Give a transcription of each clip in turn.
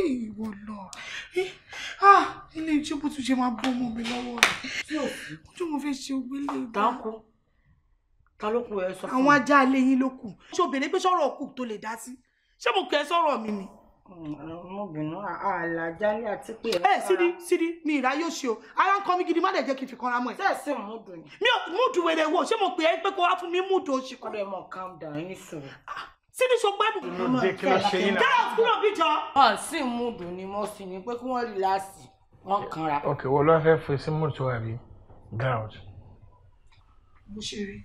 ìwọ lọ eh, ah, ilé iṣẹ́ bó tún ṣe máa bọ́ ọmọ mi lọ́wọ́ rẹ̀ ojú mo fẹ́ ṣe ogbé lè dá. dáko ta ló kù ẹ sọ fún mi. àwọn ajá ilé yín ló kù ṣé obìnrin pé sọ̀rọ̀ kù tó lè dá sí ṣé mo kẹ́ sọ̀rọ̀ mi ni. ọmọbìnrin mm, àlàjálẹ̀ àti pé. ẹ eh, sídi sídi mi ìrà yóò ṣe o ara ń kọ́ mi gidi má dẹ̀ jẹ́ kí n fi kanra mọ́ ẹ. sẹ́ẹ̀sì múdù ni. mi ò múdù wẹ̀rẹ̀ wọ̀ ṣé mo pè é pé kó wá fún mi múdù oṣù kan. ọ̀rẹ́ mọ̀ calm down ní sùúrù. Ah, síbi so gbádùn. inú dé kí ló ṣe yín náà. káà kúrò bí jọ. wọn sì ń mú dùn ni mo sì ní pé kí wọn rìláàsì wọn kanra. ok wo ló fẹ́ fi sí mọ́tò àbí ground. mo ṣe rí.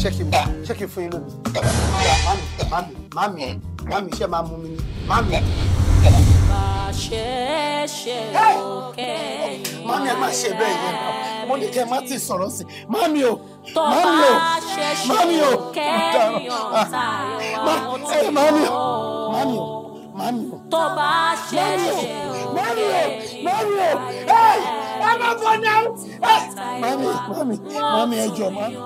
ṣe ṣe fún yín lómi. mami mami mami mami máa mú mi ní mami ṣẹ̀ṣẹ̀ ó kẹ́yìn rẹ̀. mami ẹ má ṣe bẹ́ẹ̀ yẹn náà mo ní kẹ́ ẹ má ti sọ̀rọ̀ sí i mami o mami o ah, eh, mami o mami o mami o mami o mami o. tó bá ṣẹ̀ṣẹ̀ ó kẹ́yìn rẹ̀. ẹ má fọ́ náà. mami mami mami ẹ jọ mami.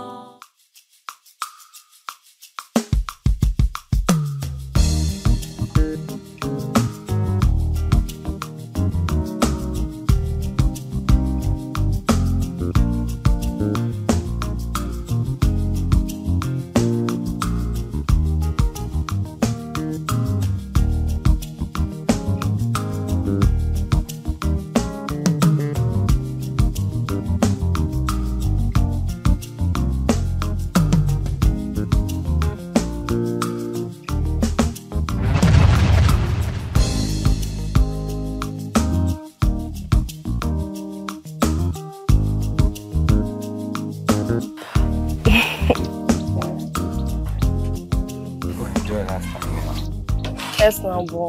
yes oh, ah, now, bọ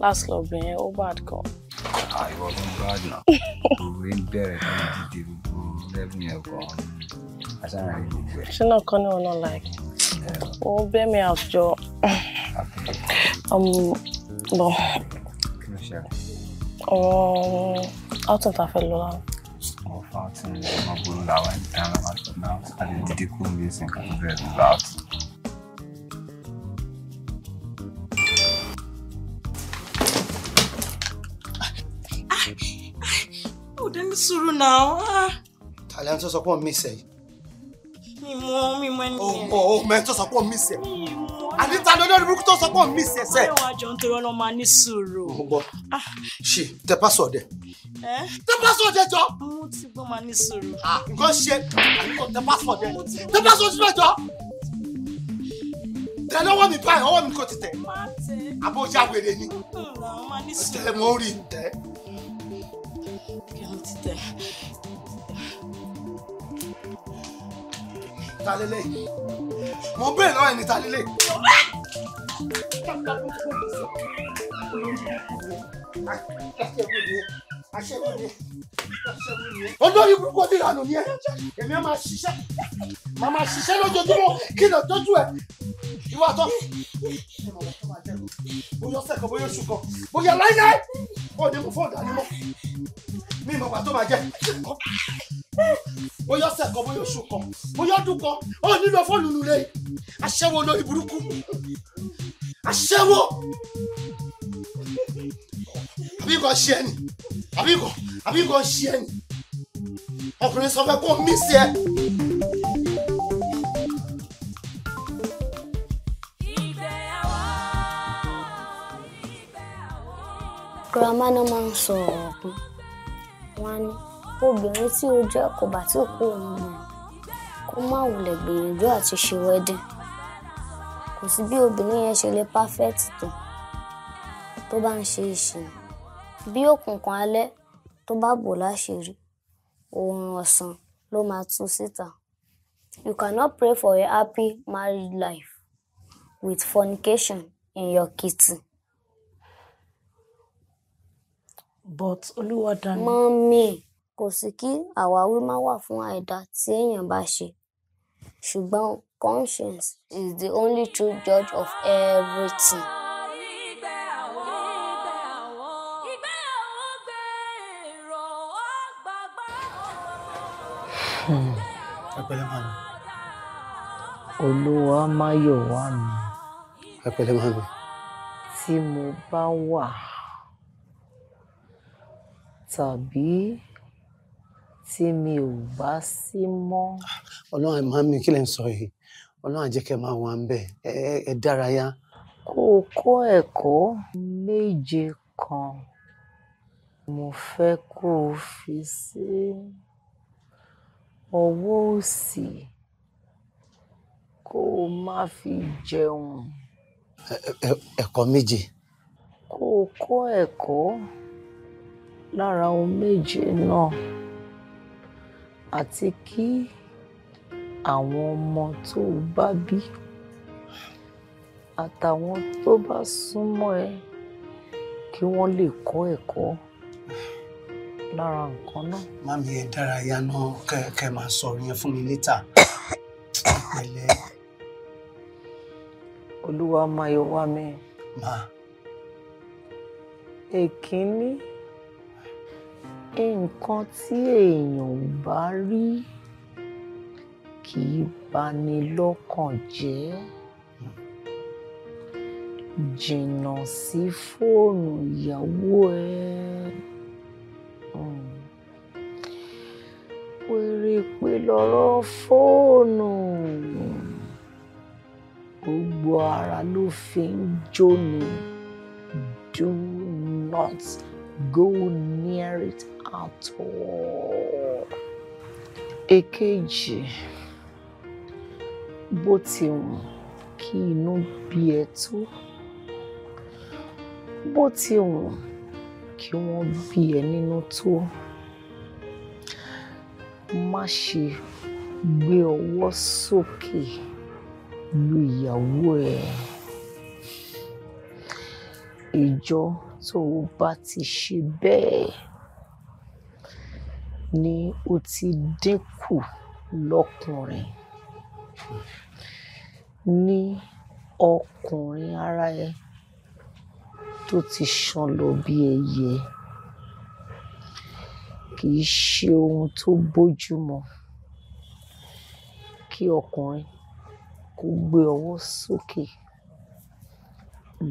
last club yẹn ó bad gan. àìwọ ló ń bá dùn òwe ń bẹ̀rẹ̀ fún ìdíje gbogbo lẹ́bùn yẹn kan asára yìí gbogbo ẹ̀. like ó bẹ́ mi àjọ bọ̀ ọ̀rọ̀ outing ta fẹ́ lọ lánàá. ọ̀fà tí ọmọ gbòòrò làwọn ẹni to wọn máa ń sọ náà àti dídí kúrò ní ìsìn kan bẹ́ẹ̀ lọ́wọ́ outing. sùúrù náà. Ah. tàlẹ́ ní tó sọ pé òun mísẹ̀ yìí. mímọ mímọ ẹni yẹn. o mọ ẹni tó sọ pé òun mísẹ̀. àti ta ló lórí burúkú tó sọ pé òun mísẹ̀ sẹ̀. ọ̀rẹ́ wa jọ ń torí ọlọ́ máa ní sùúrù. mo gbọ́ ah. ṣe tẹ pásọ̀ dẹ. tẹ pásọ̀ dẹ jọ. mo ti gbọ́ máa ní sùúrù. Ah, nǹkan ṣe tẹ pásọ̀ dẹ tẹ pásọ̀ sílẹ̀ jọ tẹ lọ́wọ́ mi báyìí ọwọ́ mi kò ti tẹ̀ ẹsẹ̀. ta lélẹ̀ yìí mo bẹ́ẹ̀ lọ́wọ́ ẹni ta lélẹ̀. olórí burúkú ti rànù ni ẹ èmi máa ṣiṣẹ́ máa máa ṣiṣẹ́ lójoojúmọ́ kí lọ tọ́jú ẹ ìwà tọ́ bóyá ọ̀sẹ̀ kan bóyá oṣù kan bóyá láíláí ó ní mo fọ́ọ̀dà ni mo mi ìmọ̀ pàtó máa jẹ́ bóyá ọ̀sẹ̀ kan bóyá oṣù kan bóyá ọdún kan ó nílò fóònù nulẹ̀ aṣẹ́wó lórí burúkú aṣẹ́wó àbí nǹkan ṣe ẹni àbí nǹkan àbí nǹkan ṣe ẹni ọkùnrin sọ fẹ́ kó mí sí ẹ. grandma no man sọ wọ́n ní obìnrin tí o jẹ́ kò bá tí kú òun mọ̀ kó má wulẹ̀ gbìyànjú àti ṣe wedding kò sí bí obìnrin yẹn ṣe lè perfect tó tó bá ń ṣe ìṣìnà bí òkùnkùn alẹ́ tó bá bò láṣìírí oòrùn ọ̀sán ló máa tú síta you cannot pray for a happy married life with fornication in your kitchen. but olúwọ̀dàní. mọ́mí kò sí kí àwáwí má wà fún àìdá tí èèyàn bá ṣe ṣùgbọ́n conscience is the only true judge of everything. ẹpẹ̀lẹ́ hmm. máa mi. olúwa máyọ̀ wá mi. ẹpẹ̀lẹ́ máa mi. tí mo bá wà tàbí tí mi ò bá sí mọ́. ọlọ́run ẹ̀ máa ń mi kí lẹ̀ ń sọ yìí ọlọ́run àjẹkẹ́ máa wà ń bẹ̀ ẹ dárayá. kó o kọ́ ẹ̀kọ́ méje kan mo fẹ́ kó o fi sí ọwọ́ òsì kó o má fi jẹun. ẹ̀kọ́ méje. kó o kọ́ ẹ̀kọ́. E, e, lára ohun méje náà àti kí àwọn ọmọ tó o bá bí àtàwọn tó bá súnmọ́ ẹ kí wọ́n lè kọ́ ẹ̀kọ́ lára nǹkan náà. Mami ẹ dárayá náà kẹ máa sọ yẹn fún mi létà. Ìpẹ̀lẹ́. Olúwa máa yọ wá mi. Má. Èkínní. E nǹkan tí èèyàn ò bá rí kì í bani lọ́kàn jẹ́ jìnnà sí fóònù ìyàwó ẹ pérépé hmm. lọ́rọ̀ fóònù gbogbo ara ló fi ń jóni do not go near it at all. Èkejì, bó ti wù kí inú bí ẹ tó, bó ti wù kí wọ́n bí ẹ nínú tó, má ṣe gbé ọwọ́ sókè lu ìyàwó ẹ. Ìjọ tó o bá ti ṣe bẹ́ẹ̀ ni o ti dínkù lọ́kùnrin ní ọkùnrin ara ẹ tó ti ṣàn lọ bí ẹyẹ kì í ṣe ohun tó bójúmu kí ọkùnrin kó gbé ọwọ́ sókè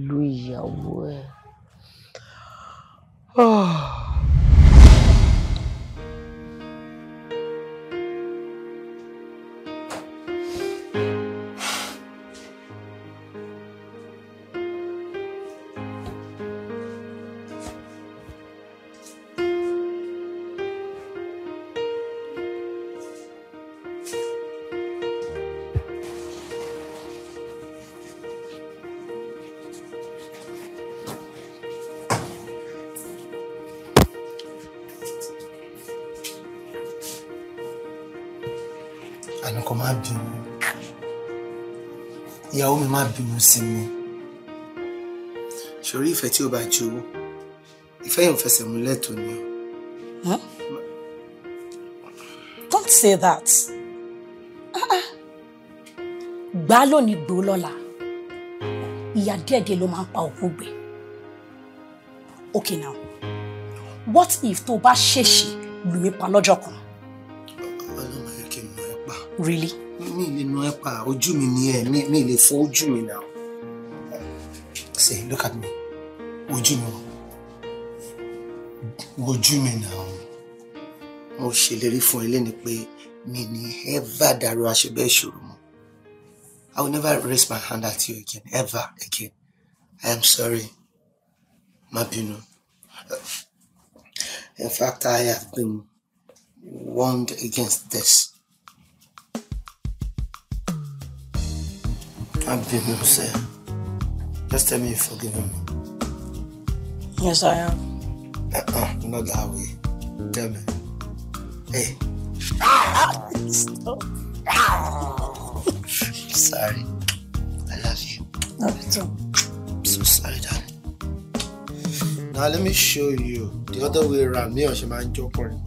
lu ìyàwó ẹ̀. Oh. má bínú sí mi ṣòrí ìfẹ́ tí ó bá ju ìfẹ́ yẹn ò fẹsẹ̀ múlẹ̀ tó ni. don't say that ah, ah. gbá lónìí gbó lọ́la ìyá díẹ̀díẹ̀ ló máa ń pa òkú gbé okay now what if tó bá ṣèṣì lùmí pa lọ́jọ́ kan. ọlọ́run yẹ kí n mọ ẹ pa. really mi le nu ẹ pa ojú mi ni ẹ mi mi lè fọ ojú mi náà say look at me ojú mi ojú mi náà mo ṣèlérí fún ilé ni pé mi ni ever dàrú aṣẹbẹ ìṣòro mu I will never raise my hand at you again ever again I am sorry má bínú in fact I have been warned against this. My baby, upset. Just tell me you've forgiven me. Yes, I am. Uh-uh, not that way. Tell me. Hey. stop. sorry. I love you. Not at all. I'm so sorry, darling. Now let me show you the other way around. Me or she man joke on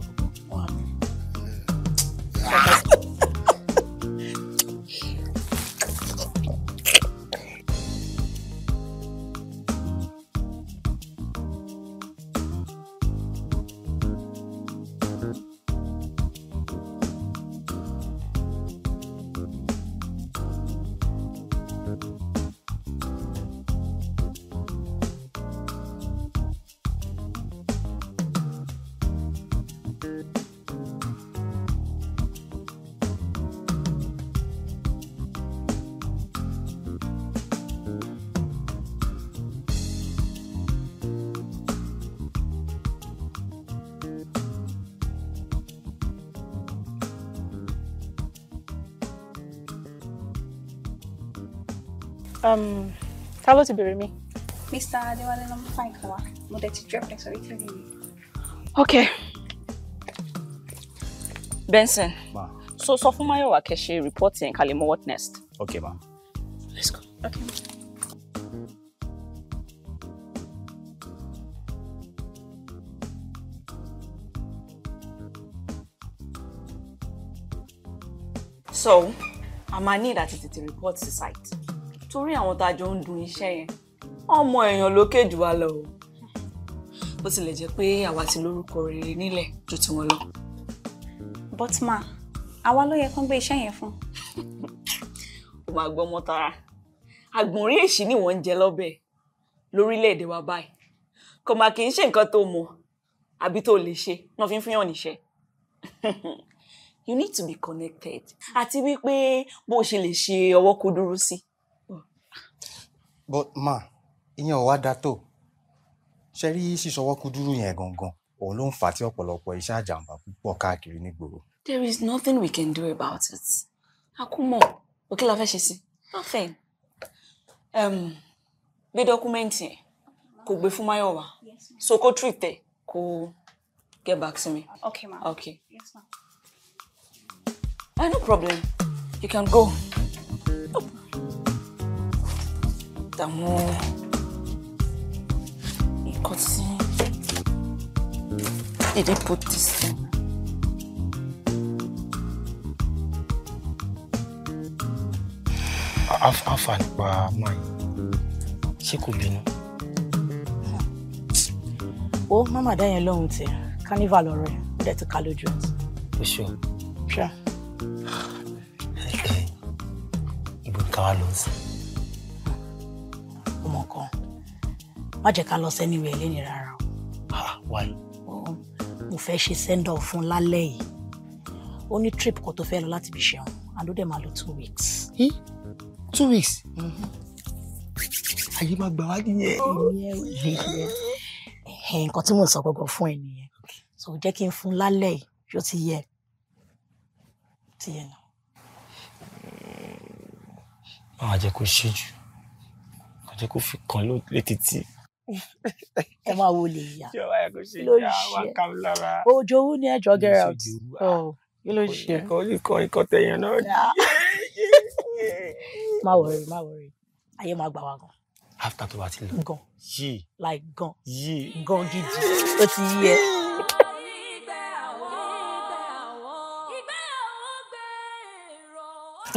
Um, hello, ló ti Mr. Adéwálé I'm fine, nǹkan wa. Mo dẹ̀ drop ẹ̀ sórí Okay. Benson. Ma. So sọ fún Máyọ̀wá kẹ̀ṣe report yẹn kalẹ̀ mọ́ what next? Okay ma. Let's go. Okay. So, I'm gonna need that to report the site. torí àwọn tá a jọ ń dun iṣẹ́ yẹn ọmọ èèyàn ló kéjù wa lọ o bó tilẹ̀ jẹ́ pé àwa ti lórúkọ rere nílẹ̀ ju tiwọn lọ. bọ́tìmá àwa ló yẹ kán gbé iṣẹ́ yẹn fún. ó máa gbọ́ ọmọ tara àgbọ̀nrín èṣì ni wọ́n ń jẹ lọ́bẹ̀ lórílẹ̀‐èdè wa báyìí kò mà kì í ṣe nǹkan tó mọ̀ àbí tó lè ṣe náà fi ń fihàn níṣẹ́ you need to be connected àti wípé bó o ṣe lè ṣe ọwọ́ kó sí. Si but ma ìyẹn ò wá da tó ṣe rí sísọwọ́ kúdúrú yẹn gangan òun ló ń fà á tí ọ̀pọ̀lọpọ̀ iṣẹ́ àjàmbá púpọ̀ káàkiri nígboro. there is nothing we can do about it a kú mọ̀ òkè la fẹ́ ṣe sí nothing gbé dọ́kúmẹ́ǹtì yẹn kò gbé fún Máyọ̀ wá so kó treat ẹ̀ kó get back to me. okay ma okay yes ma I ah, no problem you can go. Mm -hmm. àtàwọn nǹkan tí èdè pòtì sí. afa nípa máa ṣé kò bínú. ó mama dá yẹn lóhun tí carnival ọ̀rọ̀ ẹ̀ ó dẹ̀ ti ká lójú ẹ̀. o ṣeun. ṣe. ibo ká wa lọ sí i. má jẹ́ ká lọ sẹ́ni rẹ̀ lé ní rárá o. mo fẹ́ ṣe send off fún lálẹ́ yìí ó ní trip kan tó fẹ́ lọ láti fi ṣẹun and máa lo two weeks. two weeks mm-hmm. ayé máa gbà wá nìyẹn. nǹkan tí mo sọ gbọgbọ fún ẹ nìyẹn so jẹ́ kí n fún lálẹ́ yìí yóò ti yẹ ti yẹ náà. máa jẹ́ kó ṣíjú máa jẹ́ kó fi kàn létí tí ẹ máa wo lè yá lórí ṣe ojo owó ni ẹjọ get out kí ló ṣe. ikọ̀ ikọ̀ tẹ̀yàn náà ni. má wọrí má wọrí ayé máa gbà wá gan. after tó bá ti lọ. gan yìí like gan yìí gan gidi ó ti yí ẹ. ẹ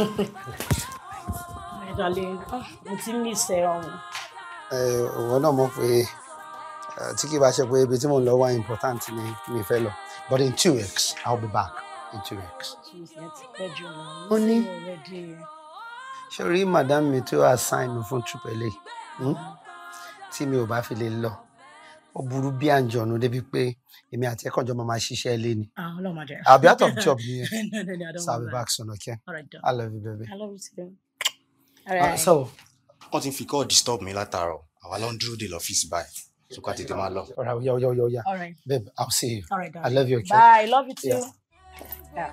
darling ah, mo ti ń ní ìṣẹ́ ọ̀hún òwò náà mọ̀ pé tí kì í bá ṣe pé ibi tí mò ń lọ wá important ni mi fẹ́ lọ but in two weeks I will be back in two weeks. ó ní ṣe rí madam mi tó assign mi fún tripele hmm? tí mi ò bá fi lè lọ ó burú bí àǹjọ̀nù débi pé èmi àti ẹ̀kọ́ ìjọba máa ṣiṣẹ́ ilé ni. Ah, I'll be out of job ni yẹn. So I'll be back soon, okay? All right, I love you, baby. I love you too. Ah, All right. Uh, so wọ́n ti ń fi call disturb mi látàárọ̀ àwa ló ń dúró dé lọ́fíìsì báyìí so ká tètè máa lọ. ọ̀rẹ́ oya oya oya oya babe i'll see you right, i love you. Okay? bye i love you too. Yeah. Yeah.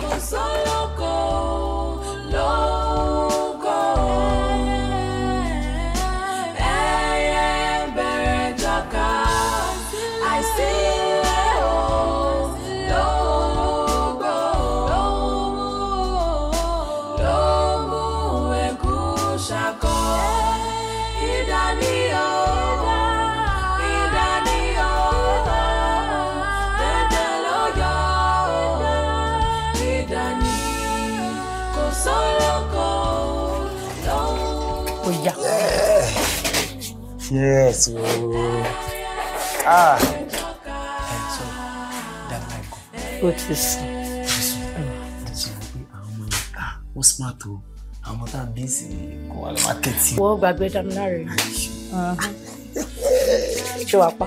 Consolo Yes, ooo. Ah. Ẹ sọ dáná ẹ̀kọ́. O ti sùn. This ṣe wọ pé àwọn ọmọ yẹn ká ó smart o. Àwọn ọmọ tá a bí sí kó wà lọ́wọ́ kẹ́tì. Wọ́n Uh huh. láre. Ṣé wàá pa?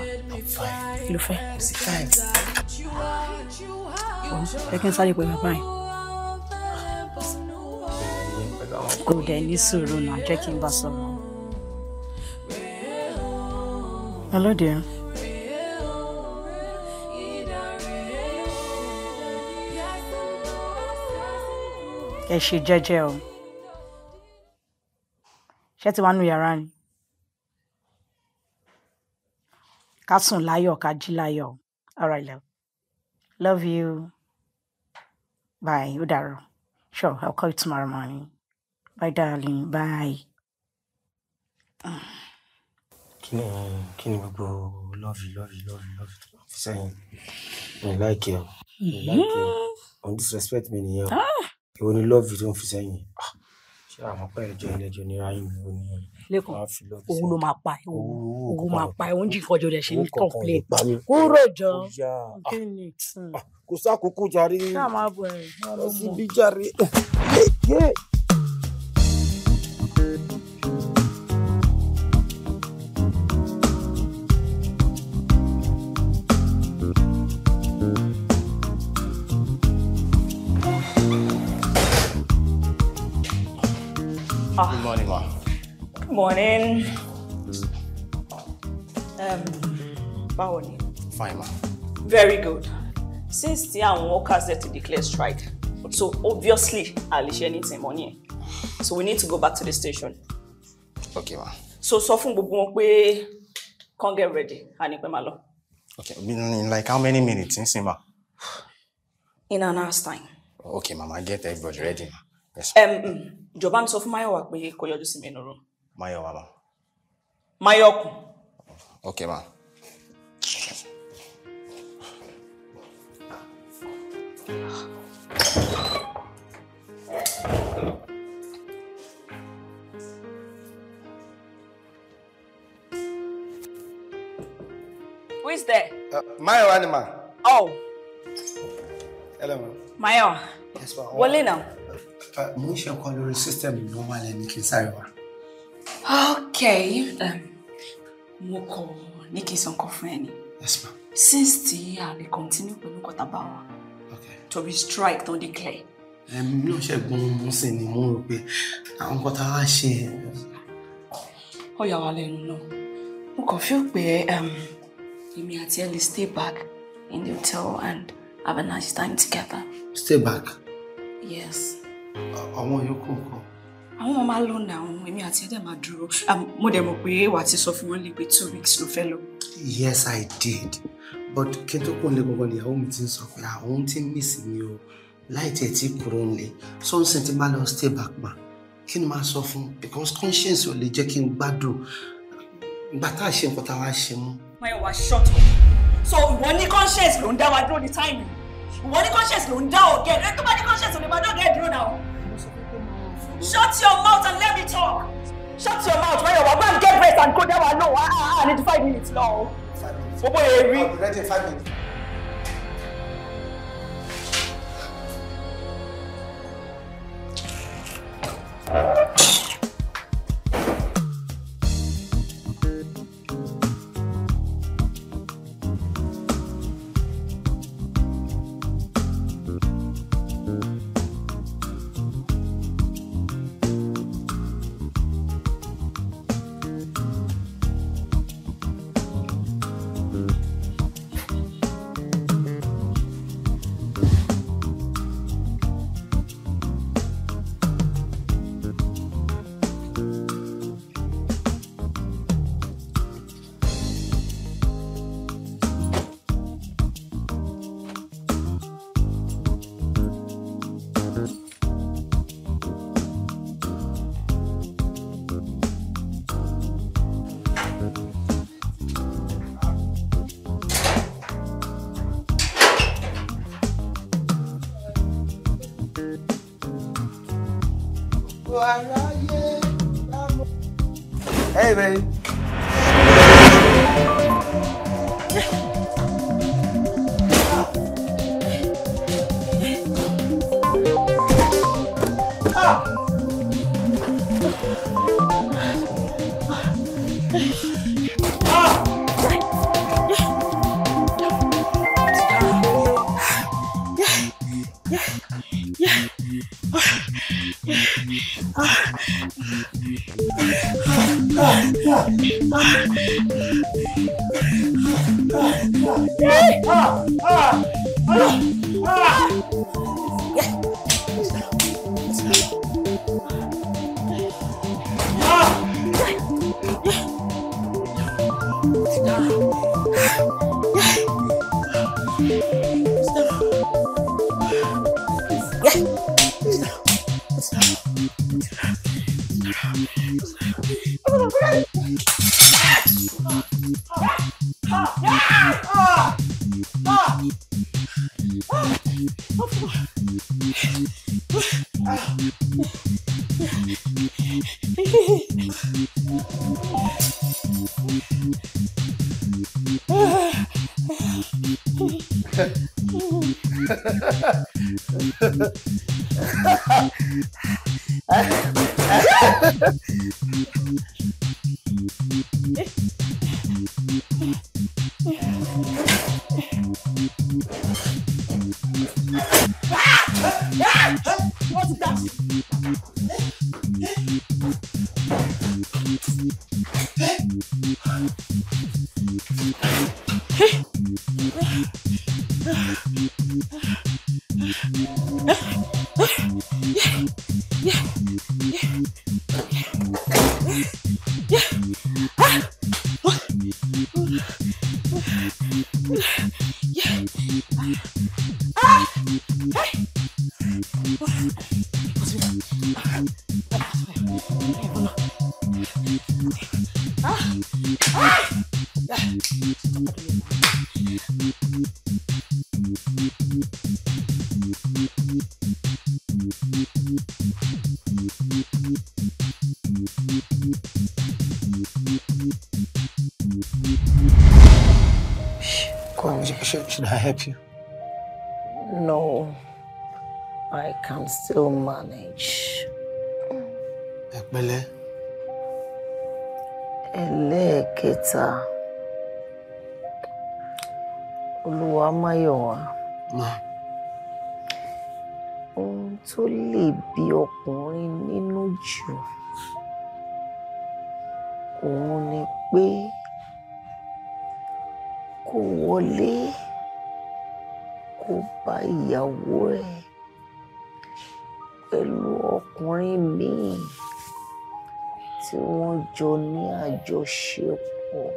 Fine. fẹ́. Kò sí fáìn. Ẹ kí n sáré pé bàbá yẹn ah. kò dẹ̀ ní sùúrù náà jẹ́ kí Hello, dear. ẹ ṣe jẹ́jẹ́ o ṣé ti wá nu yàrá ni ká sùn láyọ̀ ká jí láyọ̀ all right love love you bye ó dàárọ̀ sure I'll call you tomorrow morning bye darling bye kí ni kí ni gbogbo lọ́ọ̀fì lọ́ọ̀fì lọ́ọ̀fì lọ́ọ̀fì tó fi sẹ́yìn mi láìkẹ́ ọ mi láìkẹ́ ọ òun disrespect mi nìyẹn o ìwọ ah! ni lọ́ọ̀fì tó ń fi sẹ́yìn ah! ṣé àwọn pẹ́ ẹjọ́ ẹlẹ́jọ́ ní ráyìn ni. ò ní lẹ́kọ̀ọ́ owó ló máa pa owó owó ah! máa pa owó ń jí ìfọjọ́ rẹ̀ ṣe ní complain kúrò jọ kí kò sáà kúkú jàre lọ jàre. morning. Um, báwo ni? Fine ma. Very good. Since the àwọn workers there to declare strike, so obviously I'll lè ṣe anything money. So we need to go back to the station. Okay ma. So so fún gbogbo wọn get ready, I need pẹ́ máa Okay, in like how many minutes n sin In an hour's time. Okay, mama, get everybody ready. Yes. Um, mm, Joban sọ fún Mayowa pé kò yọjú sí mi nínú room. Mayo, mama. Mayo kù. Okay, ma. Who is there? Uh, Mayo Anima. Oh. Hello, ma. Mayo. Yes, ma. Wọlé náà. Uh, mo ń ṣe nǹkan lórí sísítẹ̀mù normal ẹni kì í sáré Okay. Um, mo kọ̀ ní kí n sọ nǹkan fún ẹ ni. Yes ma'am. Since ti a lè continue pẹ̀lú nǹkan tábà wa. Okay. To be strike don declare. Mi ò ṣẹ̀gbọ́n mo sì ni mo rò pé àwọn nǹkan tá a ṣe. Ó yà wá lẹ́nu náà. Mo kàn feel pé um, èmi àti ẹ lè stay back in the hotel and have a nice time together. Stay back? Yes. Àwọn yòókù nǹkan àwọn ọmọ máa lọ́nà àwọn èmi àti ẹ̀dẹ̀ máa dúró um, mo dẹ̀ mọ̀ pé wà á ti sọ fún wọn lè pé two weeks ló fẹ́ lọ. yes i did but kí n tó kún lé gbogbo ìyàwó mi ti ń sọ pé àwọn ti ń mísì mi o láì tẹ̀ tí kúrò ń lé something ti máa lọ stay back ma kí ni máa sọ fún because conscience ò lè jẹ́ kí n gbádùn ìgbà tá a ṣe nǹkan tá a wá ṣe mú. Máyọ̀wá shut up so ìwọ ní conscience ló ń dá wa dúró ní táìmù ìwọ ní conscience ló ń dá ọ̀gẹ́ ẹ tó bá ní conscience ò Shut your mouth and let me talk. Shut your mouth when you're go and get rest and go there and no. I, I, ah, ah, I need five minutes now. Five minutes. Bobo, I'll be ready in five minutes. Thank Ah! Ah! Ah! Ah! help you? No, I can still manage. Ẹ pẹ̀lẹ́. Ẹlẹ́ẹ̀kẹta. Olúwamáyọ̀wá. Ma. Ohun tó lè bí ọkùnrin nínú jù òun ni pé kò wọlé kó bá ìyàwó ẹ̀ pẹ̀lú ọkùnrin míì tí wọ́n jọ ní àjọṣepọ̀.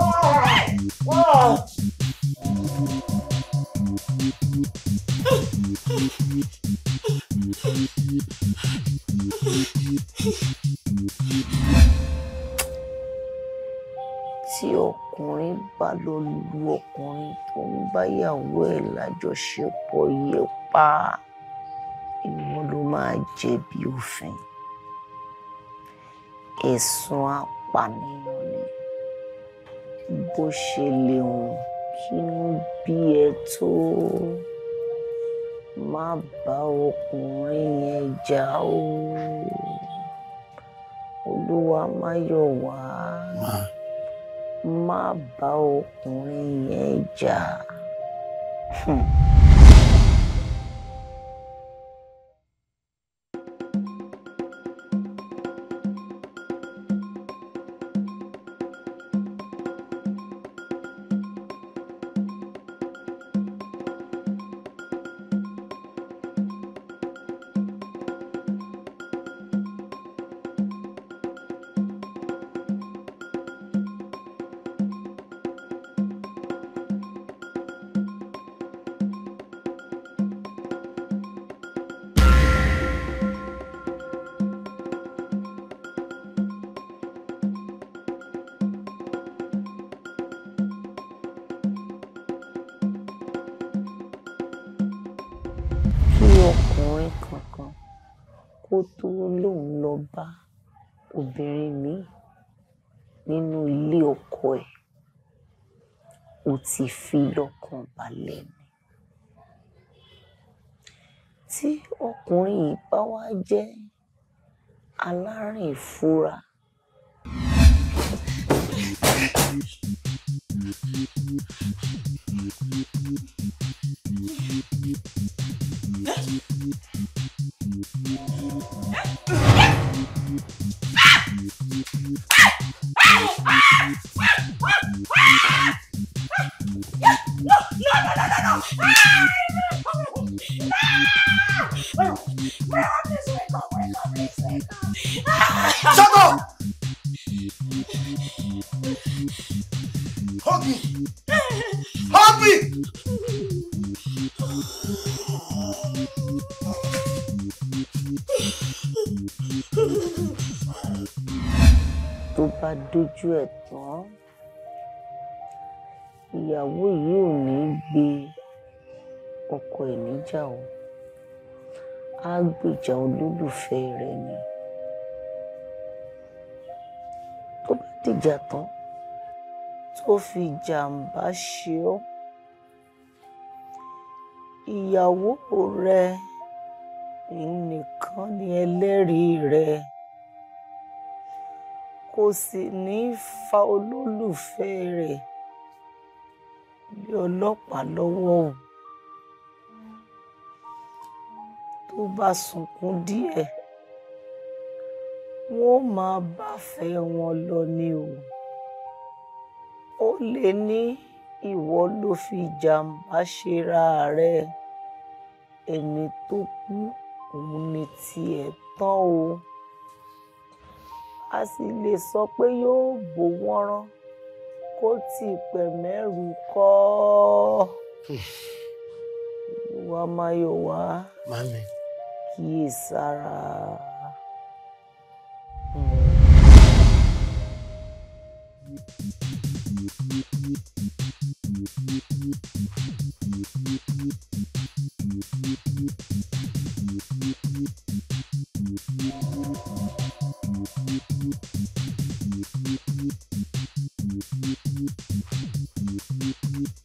Oh! báyàwó ẹ̀ lájọṣepọ̀ yẹpa ìwọ ló máa jẹ̀bi òfin ẹ̀sùn apànìyàn ni bó ṣe lè hùn kí n bí ẹ tó má bá ọkùnrin yẹn jà ó olúwa má yọ̀ wá má bá ọkùnrin yẹn jà. 哼。jẹ́ alárìn ìfura. Thank rẹ̀ tán ìyàwó yìí ò ní gbé ọkọ ẹ̀ níjà o á gbèjà olólùfẹ́ rẹ̀ ni tó bá dìjà tán tó fi jàǹbá ṣe ọ́ ìyàwó rẹ̀ nìkan ni ẹlẹ́rìí rẹ̀ kò sì ní í fa olólùfẹ́ rẹ̀ lé ọlọ́pàá lọ́wọ́ o tó bá sunkún díẹ̀ wọ́n máa báfẹ́ wọn lọ ni o ó lè ní ìwọ ló fi jàǹbá ṣera rẹ̀ ẹni tó kú òun ni tiẹ̀ tán o a sì lè sọ pé yóò bò wọ́n rán kó tì pẹ̀mẹ́rù kọ́ olúwa máyọ̀wá kíyè sára. Thank you. Thank you.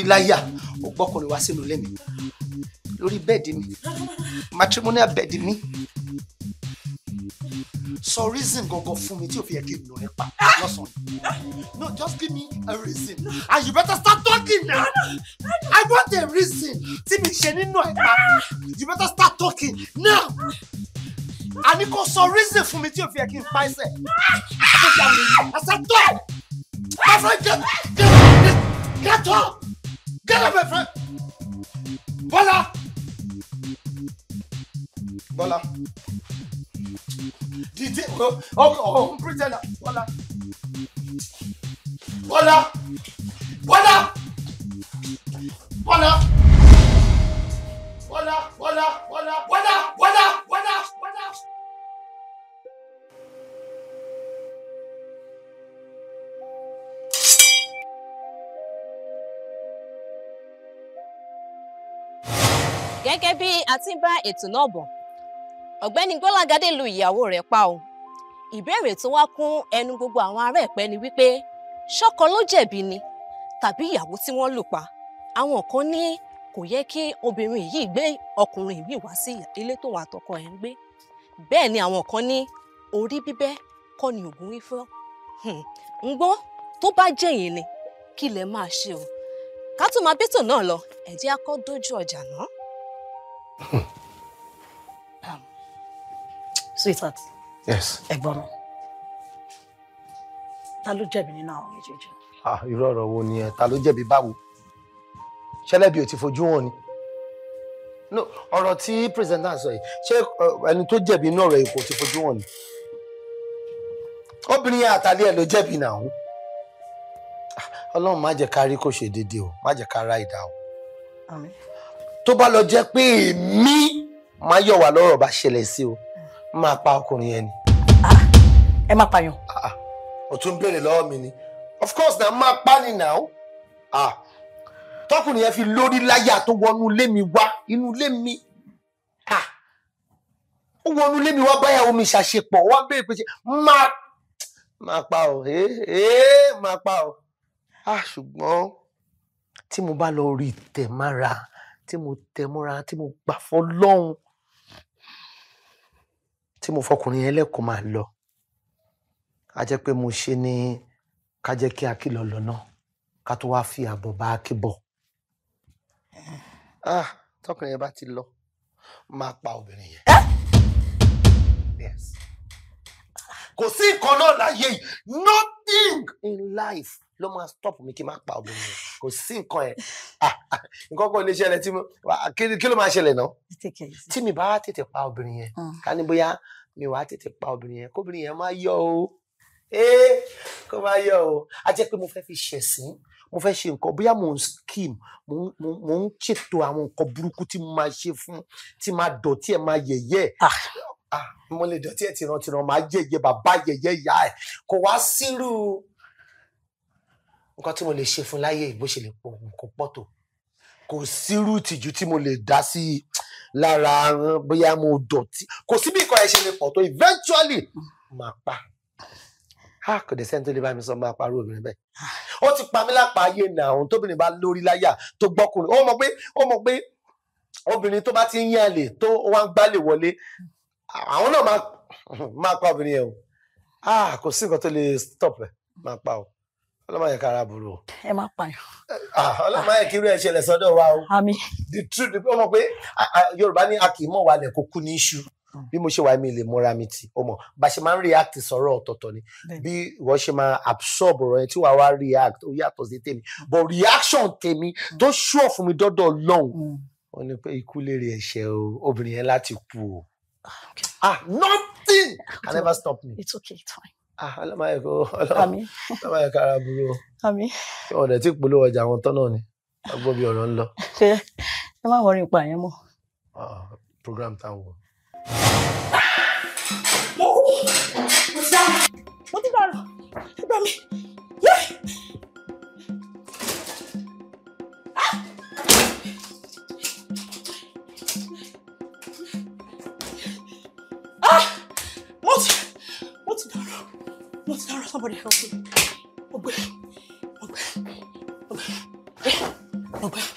lórí láyà ó gbọ́kùnrin wá sínú ilé mi lórí bẹ́ẹ̀dì mi matrimonial bẹ́ẹ̀dì mi sọ reason gangan fún mi tí o fi yẹ kí n lò nípa lọ́sàn-án no just give me a reason and you better start talking now i want a reason tí mi ṣe nínú ẹ̀ka you better start talking now àní kò sọ reason fún mi tí o fi yẹ kí n pa ẹsẹ̀ àti ìyàwó ẹ̀ka ẹ̀sẹ̀ tó ẹ̀. ètò náà bọ̀ ọ̀gbẹ́ni Gbọ́lágadé lu ìyàwó rẹ̀ pa o ìbéèrè tó wá kún ẹnu gbogbo àwọn ará ẹ̀pẹ́ ni wípé ṣọ́kọ ló jẹ̀bi ni tàbí ìyàwó tí wọ́n lù pa àwọn kan ní kò yẹ kí obìnrin yìí gbé ọkùnrin míì wá sí ilé tó wà tọkọ ẹ̀ ń gbé bẹ́ẹ̀ ni àwọn kan ní orí bíbẹ́ kọ́ ni ògùn ifọ́ ń hmm, gbọ́ tó bá jẹ̀yìn ni kí lẹ máa ṣe o ká tó máa bẹ́tò náà lọ ẹ̀jẹ̀ á kọ́ dójú ọjà náà. sweetheart. yes. ẹ̀gbọ́n mi ta ló jẹ̀bi nínú àwọn méjèèjì. ah irú ọ̀rọ̀ wo ni ẹ ta ló jẹ̀bi báwo ṣẹlẹ́bi ò ti fojú hàn ni no ọ̀rọ̀ tí president sọ yìí ṣé ẹni tó jẹ̀bi inú ọ̀rọ̀ èkó ti fojú hàn ni obìnrin yẹn àtàlẹ́ ẹ̀ ló jẹ̀bi náà ah, ọlọ́run má jẹ́ ká rí kó ṣe déédéé o má jẹ́ ká ra ìdá o àmín tó bá lọ jẹ́ pé èmi máa yọ̀ wá lọ́rọ̀ bá ṣẹlẹ̀ sí o máa pa ọkùnrin yẹn ni. Ah, ẹ má pààyàn. Ah, ah. ó tún béèrè lọ́wọ́ mi ni of course na máa pa ni now tọkùnrin yẹn fi lórí láyà tó wọnú ilé mi wá inú ilé mi ó wọnú ilé mi wá báyàwó mi ṣàṣepọ̀ wá béèrè pé ṣe máa máa pa ọ ẹ ẹ máa pa ọ ṣùgbọ́n tí mo bá lọ rí tẹ̀ mára tí mo tẹ̀ mọ́ra tí mo gbà fọ́ lọ́hùn tí mo fọkùnrin yẹn lẹ́kọ̀ọ́ máa lọ a jẹ́ pé mo ṣe ní ká jẹ́ kí akílọ̀ lọ́nà ká tó wáá fi àbọ̀ bá akí bọ̀. Ah, tọkùnrin yẹn bá ti lọ máa pa obìnrin yẹn. Yes. kò sí nǹkan náà láyé nothing in life ló máa stop mi kí n má pa obìnrin yẹn kò sí nǹkan ẹ̀ nǹkan kan lè ṣẹlẹ̀ tí mo kí ló máa ṣẹlẹ̀ náà tí mi bá wá tètè pa obìnrin yẹn mm. ká ní bóyá mi wá tètè pa obìnrin yẹn kóbìnrin yẹn má yọ o ee kó má yọ o a jẹ́ pé mo fẹ́ fi ṣẹ̀sín mo fẹ́ ṣe nǹkan bóyá mo ń scheme mo ń ṣètò àwọn nǹkan burúkú tí mo máa ṣe fún tí máa dọ̀tí ẹ̀ máa yẹ̀yẹ́ mo lè dọ̀tí ẹ̀ tìrantìran máa yẹ̀yẹ́ bàbá yẹ̀yẹ́ ìyá ẹ̀ kò nǹkan tí mo lè ṣe fún láyé bó ṣe lè pọ̀ kó pọ̀ tó kò sírú ìtìjú tí mo lè dá sí i lára ahọ́n bóyá mo dọ̀tí kò sí bí nǹkan ẹ ṣe lè pọ̀ tó eventually máa pa á kò dẹ̀ sẹ́ni tó lè bá mi sọ máa parú obìnrin bẹ́ẹ̀ ó ti pa mí lápá ayé nà òun tóbìnrin bá lórí láyà tó gbọ́kùnrin ó mọ̀ pé ó mọ̀ pé obìnrin tó bá ti ń yàn lè tó wá ń gbálè wọlé àwọn náà máa pa obìnrin yẹn o kò sí nǹkan tó lè stop ẹ máa pa o ọlọ́mọ yẹ kára burú. ẹ má pààyàn. ọlọ́mọ yẹ kírú ẹ ṣẹlẹ̀ wa o. àmín. the truth ó mọ̀ pé yorùbá ní a kì í mọ̀ wálẹ̀ kó kú ní iṣu mm. bí mo ṣe wà mí lè múra mi tì ó mọ̀ bá ṣe máa ń react sọ̀rọ̀ ọ̀tọ̀ọ̀tọ̀ ni bí ìwọ ṣe máa absorb ọ̀rọ̀ yẹn tí wàá wá react ó yàtọ̀ sí tèmi mm. but reaction tèmi mm. tó ṣùọ fún mi dọdọ lọhùn wọn ni pé ikú lè rí ẹ̀ṣẹ̀ o obìnrin yẹn láti kú o ah, ah nothing can never stop me. it's okay it's fine alámáyẹ̀kọ́ alámáyẹ̀kọ́ ara burú o ọ̀dẹ̀ tí polówó ọjà àwọn tọ́nà ni agbọ́ bí ọ̀rọ̀ ń lọ. ẹ má wọrin ipa yẹn mọ́. Ah, program tá a wọ. mo ti dára ẹ gbà mí. Somebody help me. Oh, boy. Oh, boy. Oh, boy. Oh,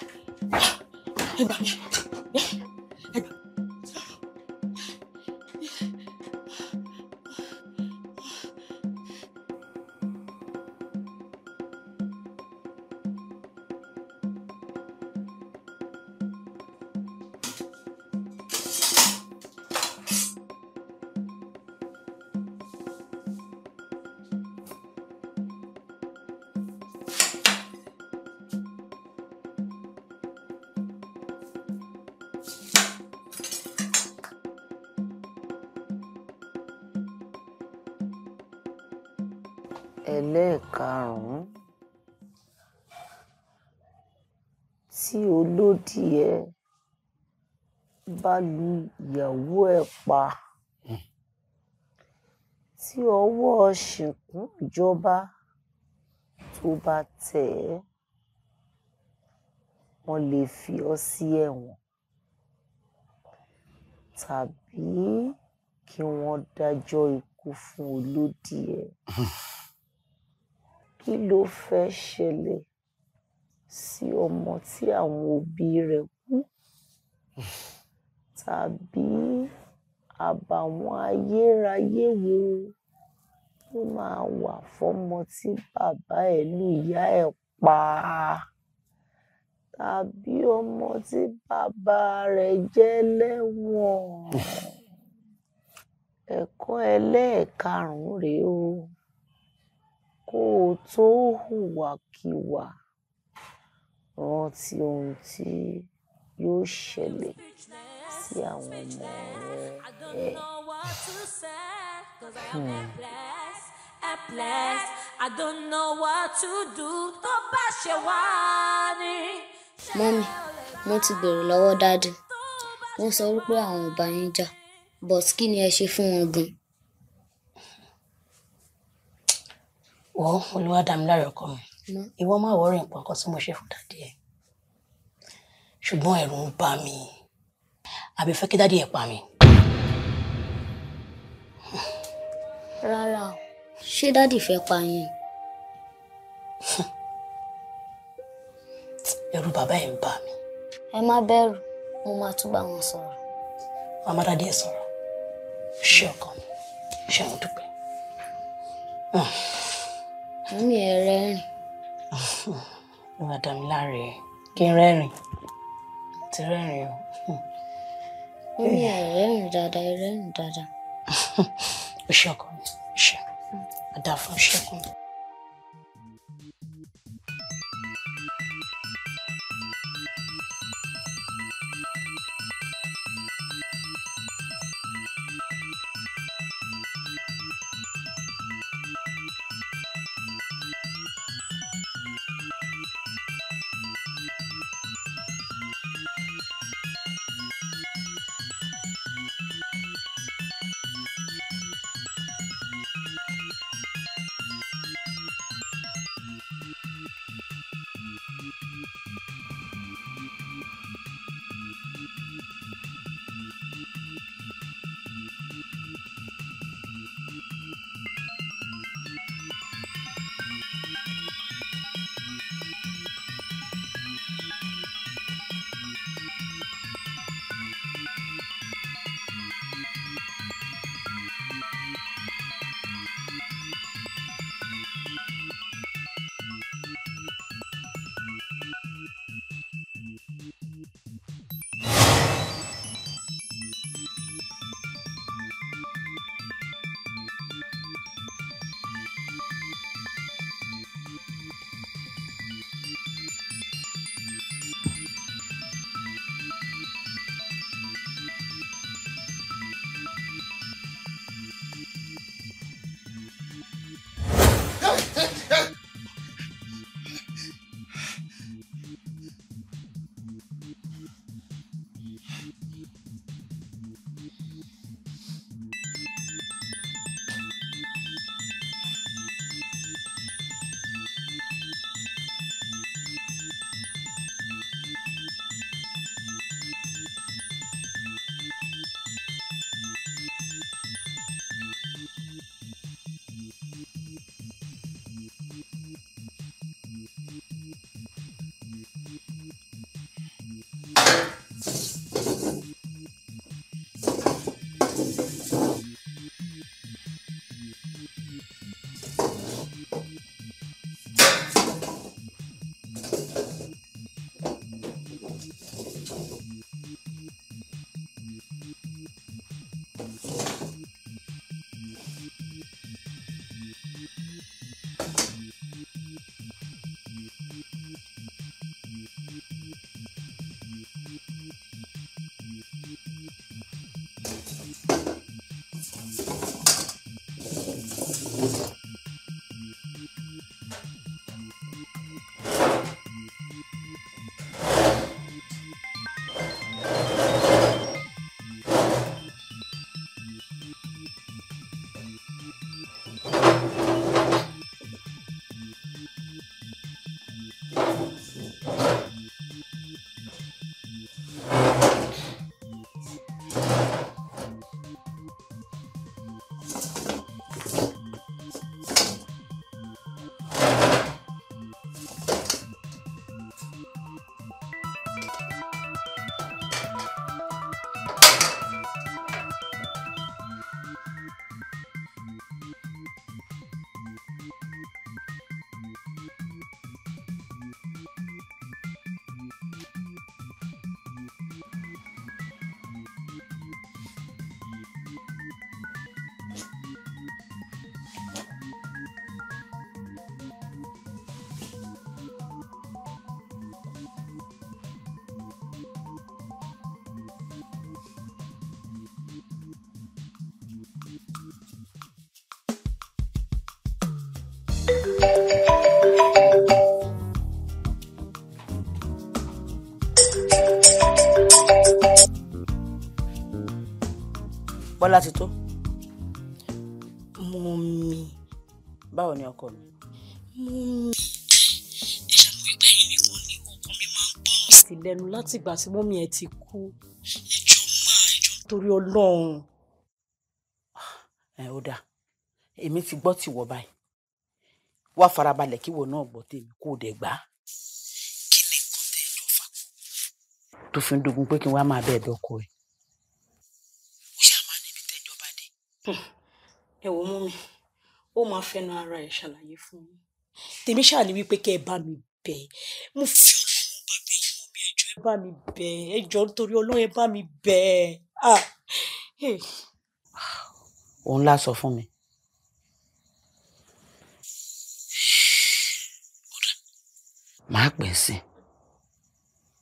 bá lu ìyàwó ẹ̀ pa hmm. tí ọwọ́ ṣìnkún ìjọba tó bá tẹ̀ ẹ́ wọ́n lè fi ọ́ sí ẹ̀wọ̀n tàbí kí wọ́n dájọ́ ikú fún olódì ẹ̀ hmm. kí ló fẹ́ ṣẹlẹ̀ sí ọmọ tí àwọn òbí rẹ̀ kú. Hmm tàbí àbàwọ́n ayérayé wo ló máa wà fọ́mọ tí bàbá ẹ̀ lù ìyá ẹ̀ pa tàbí ọmọ tí bàbá rẹ̀ jẹ́ lẹ́wọ̀n ẹ̀kọ́ ẹlẹ́ẹ̀karùn rèé o kó o tó hùwàkiwà rántí ohun tí yóò ṣẹlẹ̀ sí àwọn ọmọ rẹ. what to do tó bá ṣe hmm. wá ní. mọ́mí mo ti bèrè lọ́wọ́ dáàdì wọ́n sọ wípé àwọn ò yín jà but kí ni ẹ ṣe fún wọn gan. wọ́n olúwadámiláre ọkọ mi ìwọ máa wọ́ọ̀rọ̀ nǹkan kan tí mo ṣe fún dáàdì ẹ̀ ṣùgbọ́n ẹ̀rù ń bà mí. Mm àbí fẹ́ kí dádì ẹ̀ pa mi. rárá o ṣé dádì fẹ́ pa yín. ẹ̀rù bàbá ẹ̀ ń bà mí. ẹ má bẹ̀rù mo máa tún bá wọn sọ̀rọ̀. màmá dádì ẹ sọ̀rọ̀ ṣé ọkọ mi ṣé àwọn dúpẹ́. mi ẹ rẹ́rìn. ìwà dàmí kí n rẹ́rìn tí rẹ́rìn o ó ní ẹ̀rẹ́rìn dáadáa ẹ̀rẹ́rìn dáadáa. iṣẹ́ ọkọ mi iṣẹ́ àdáfọ́ iṣẹ́ ọkọ mi. bọ́lá ti tó mú mi báwo ni ọkọ mi mú mi. ẹ ṣàmùwé pé ẹ̀yin nìkan ni ọkọ mi máa ń gbọ́ràn sí lẹ́nu látìgbà tí mọ́mí ẹ ti kú ẹjọ́ máa ẹjọ́ torí ọlọ́run ẹ ó dáa èmi ti gbọ́ tìwọ báyìí wá farabalẹ̀ kíwọ náà gbọ́ tèmi kó o dẹ̀ gbà á. kí ni nǹkan tẹ́ ẹ jọ fà pọ̀. tó fi ń dogun pé kí n wá máa bẹ́ẹ̀ bẹ́ ọkọ ẹ̀. Hmm. ẹ wò mú mi ó máa fẹnu ara ẹ ṣàlàyé fún mi tèmi ṣáà ní wípé kẹ ẹ bá mi bẹ̀ mo fi Ọlọ́run bá bẹ̀ mú mi ẹjọ́ ẹ bá mi bẹ̀ ẹjọ́ nítorí Ọlọ́run ẹ bá mi bẹ̀ ah. òun la sọ fún mi. màá pè é sí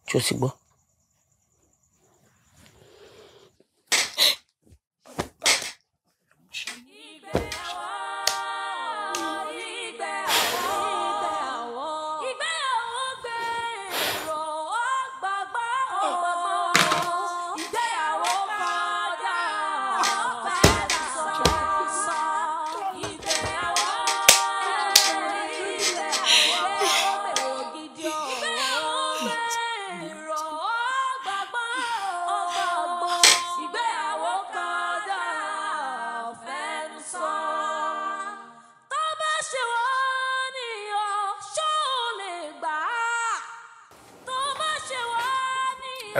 tí ó ti gbọ́.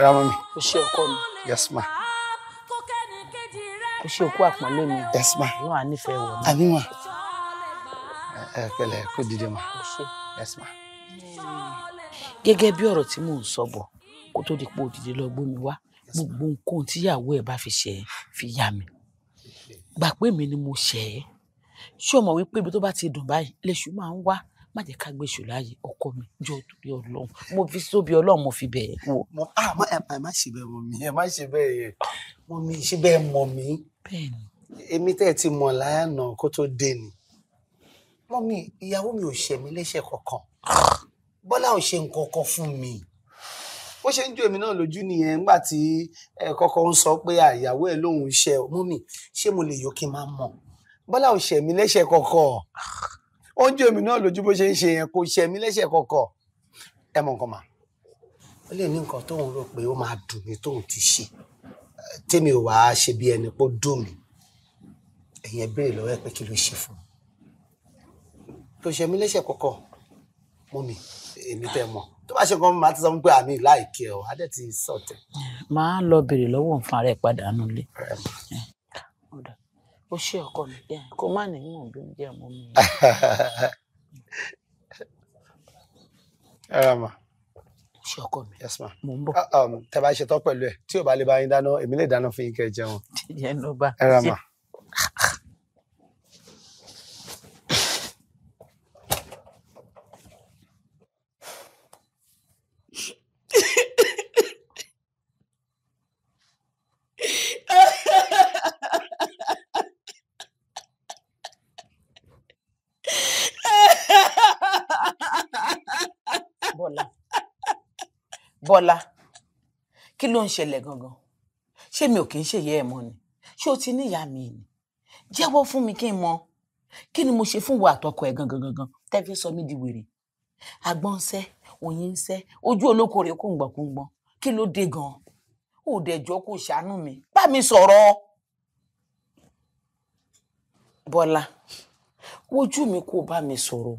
ẹ ra mọ mi. o ṣe ọkọ mi. yes ma. o ṣe òkú àpọ́nlé mi. yes ma. inú à nífẹ̀ẹ́ wọ̀ mi. àní ma ẹ pẹ̀lẹ́ kó dìde ma. o ṣe. yes ma. gẹ́gẹ́ bí ọ̀rọ̀ tí mò ń sọ bọ̀ kó tó di pé òdìdí lọ gbómi wá gbogbo nǹkan tíyàwó ẹ̀ bá fi ṣe fi yá mi gbà pé mi ni mo ṣe é ṣé o mọ̀ wípé ibi tó bá ti dùn báyìí lèṣù máa ń wá má jẹ́ ká gbé ṣù láàyè ọkọ mi jọ torí ọlọ́run mo fi sóbi ọlọ́run mo fi bẹ̀rẹ̀ wò. Ah, ẹ má ṣe bẹ́ẹ̀ mọ̀ mí ẹ má ṣe bẹ́ẹ̀ yẹ mọ̀ mí ṣe bẹ́ẹ̀ mọ̀ mí. bẹ́ẹ̀ni. èmi tẹ́ ẹ ti mọ̀ láyàna kó tó dé ni mọ̀ mí ìyàwó mi ò ṣẹ̀ mí léṣẹ̀ kankan bọ́lá ò ṣe nǹkan kan fún mi bó ṣe ń jó èmi náà lójú nìyẹn nígbà tí ẹ kọ́kọ́ ń sọ pé àyàwó ẹ lòun ṣe mú mi ṣé mo lè yọ kí n máa mọ̀ bọ́lá ò ṣẹ̀ mí léṣe ó ń jẹ omi náà lójú bó ṣe ń ṣe yẹn kò ṣe mí lẹ́sẹ̀ kọ̀kọ̀ ẹ mọ nǹkan mà ó lè ní nǹkan tóun rò pé ó máa dùn mí tóun ti ṣe tèmi ò wá ṣe bí ẹni pé ó dùn mí ẹ̀yin ẹ béèrè lọ́wọ́ ẹ pé kí ló ṣe fún un kò ṣe mí lẹ́sẹ̀ kọ̀kọ̀ mọ́ mi èmi tẹ́ mọ̀ tó bá ṣe nǹkan máa ti sọ pé àmì láìkẹ́ ọ adẹ́ ti sọ̀tẹ̀. máa lọ béèrè lọ́wọ́ ó ṣe ọkọ mi kó má ní mọ̀ bí oúnjẹ mọ́ mi. ẹ ra mà. ó ṣe ọkọ mi mò ń bọ̀. Ah, um, tẹ bá ṣetán pẹ̀lú ẹ tí ò bá lè bá yín dáná èmi lè dáná fún yín kẹ́ jẹun. ẹ ra mà. Bọ́lá kí ló ń ṣẹlẹ̀ gangan ṣé mi ò kì í ṣèyẹ ẹ̀ mọ́ ni ṣé o ti níyàá mi ni jẹ́wọ́ fún mi kí n mọ kí ni mo ṣe fún ìwà àtọkọ ẹ̀ gangan gangan tẹ́fí sọ mí di wèrè agbọ́n ń sẹ́ òyìn ń sẹ́ ojú olóko rẹ̀ kò ń gbọ̀n kò ń gbọ̀n kí ló dé gan-an ò kò ṣàánú mi bá mi sọ̀rọ̀ Bọ́lá ojú mi kò bá mi sọ̀rọ̀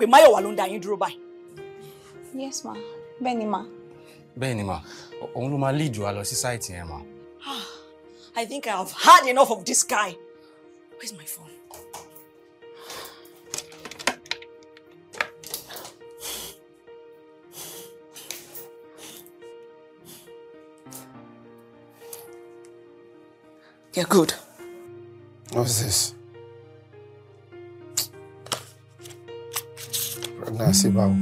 pé Máyọ̀wá ló ń da yín dúró báyìí. yes ma bẹ́ẹ̀ ni ma. bẹ́ẹ̀ ni ma òun ló máa lead wa lọ sí sáìtì yẹn ma. Ah, I think I have had enough of this guy. Where's my phone? You're good. What's this? á sì bá o.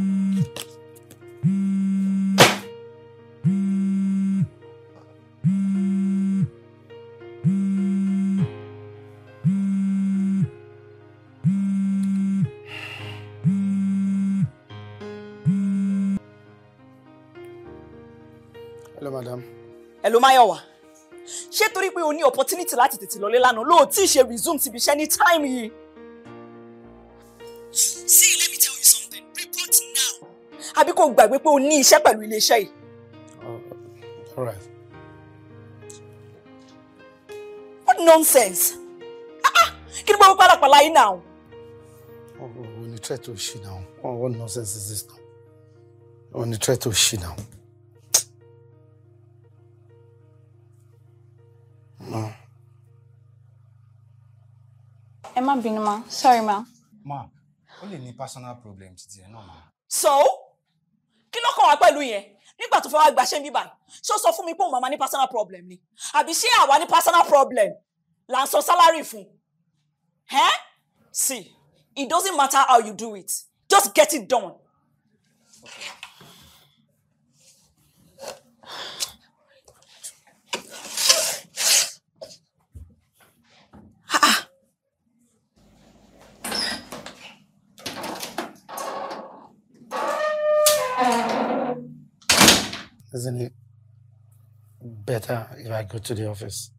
hello madam. hello Máyọ̀wá ṣé torí pé o ní opportunity láti tètè lọlé lánàá lóòótì she resumes, síbi be any time yìí kó gbàgbé pé o ní iṣẹ́ pẹ̀lú iléeṣẹ́ yìí. Uh, all right. what nonsense ah, ah, kí ni gbogbo pálapàla yìí náà. o ní try to ṣì náà oh, what nonsense is this now o oh, ní try to ṣì náà. No. Ẹ má bínú ma, sorry ma. Ma, ó lè ní personal problems. títí ẹ náà ma. So? wà pẹ̀lú yẹn nígbà tó fẹ́ wá gbàṣẹ́ mi báyìí ṣé ó sọ fún mi pé òun màmá ní personal problem ni àbí ṣé àwa ní personal problem là ń sọ salary fún ẹ́ see it doesn't matter how you do it just get it done. Okay. Isn't it better if I go to the office?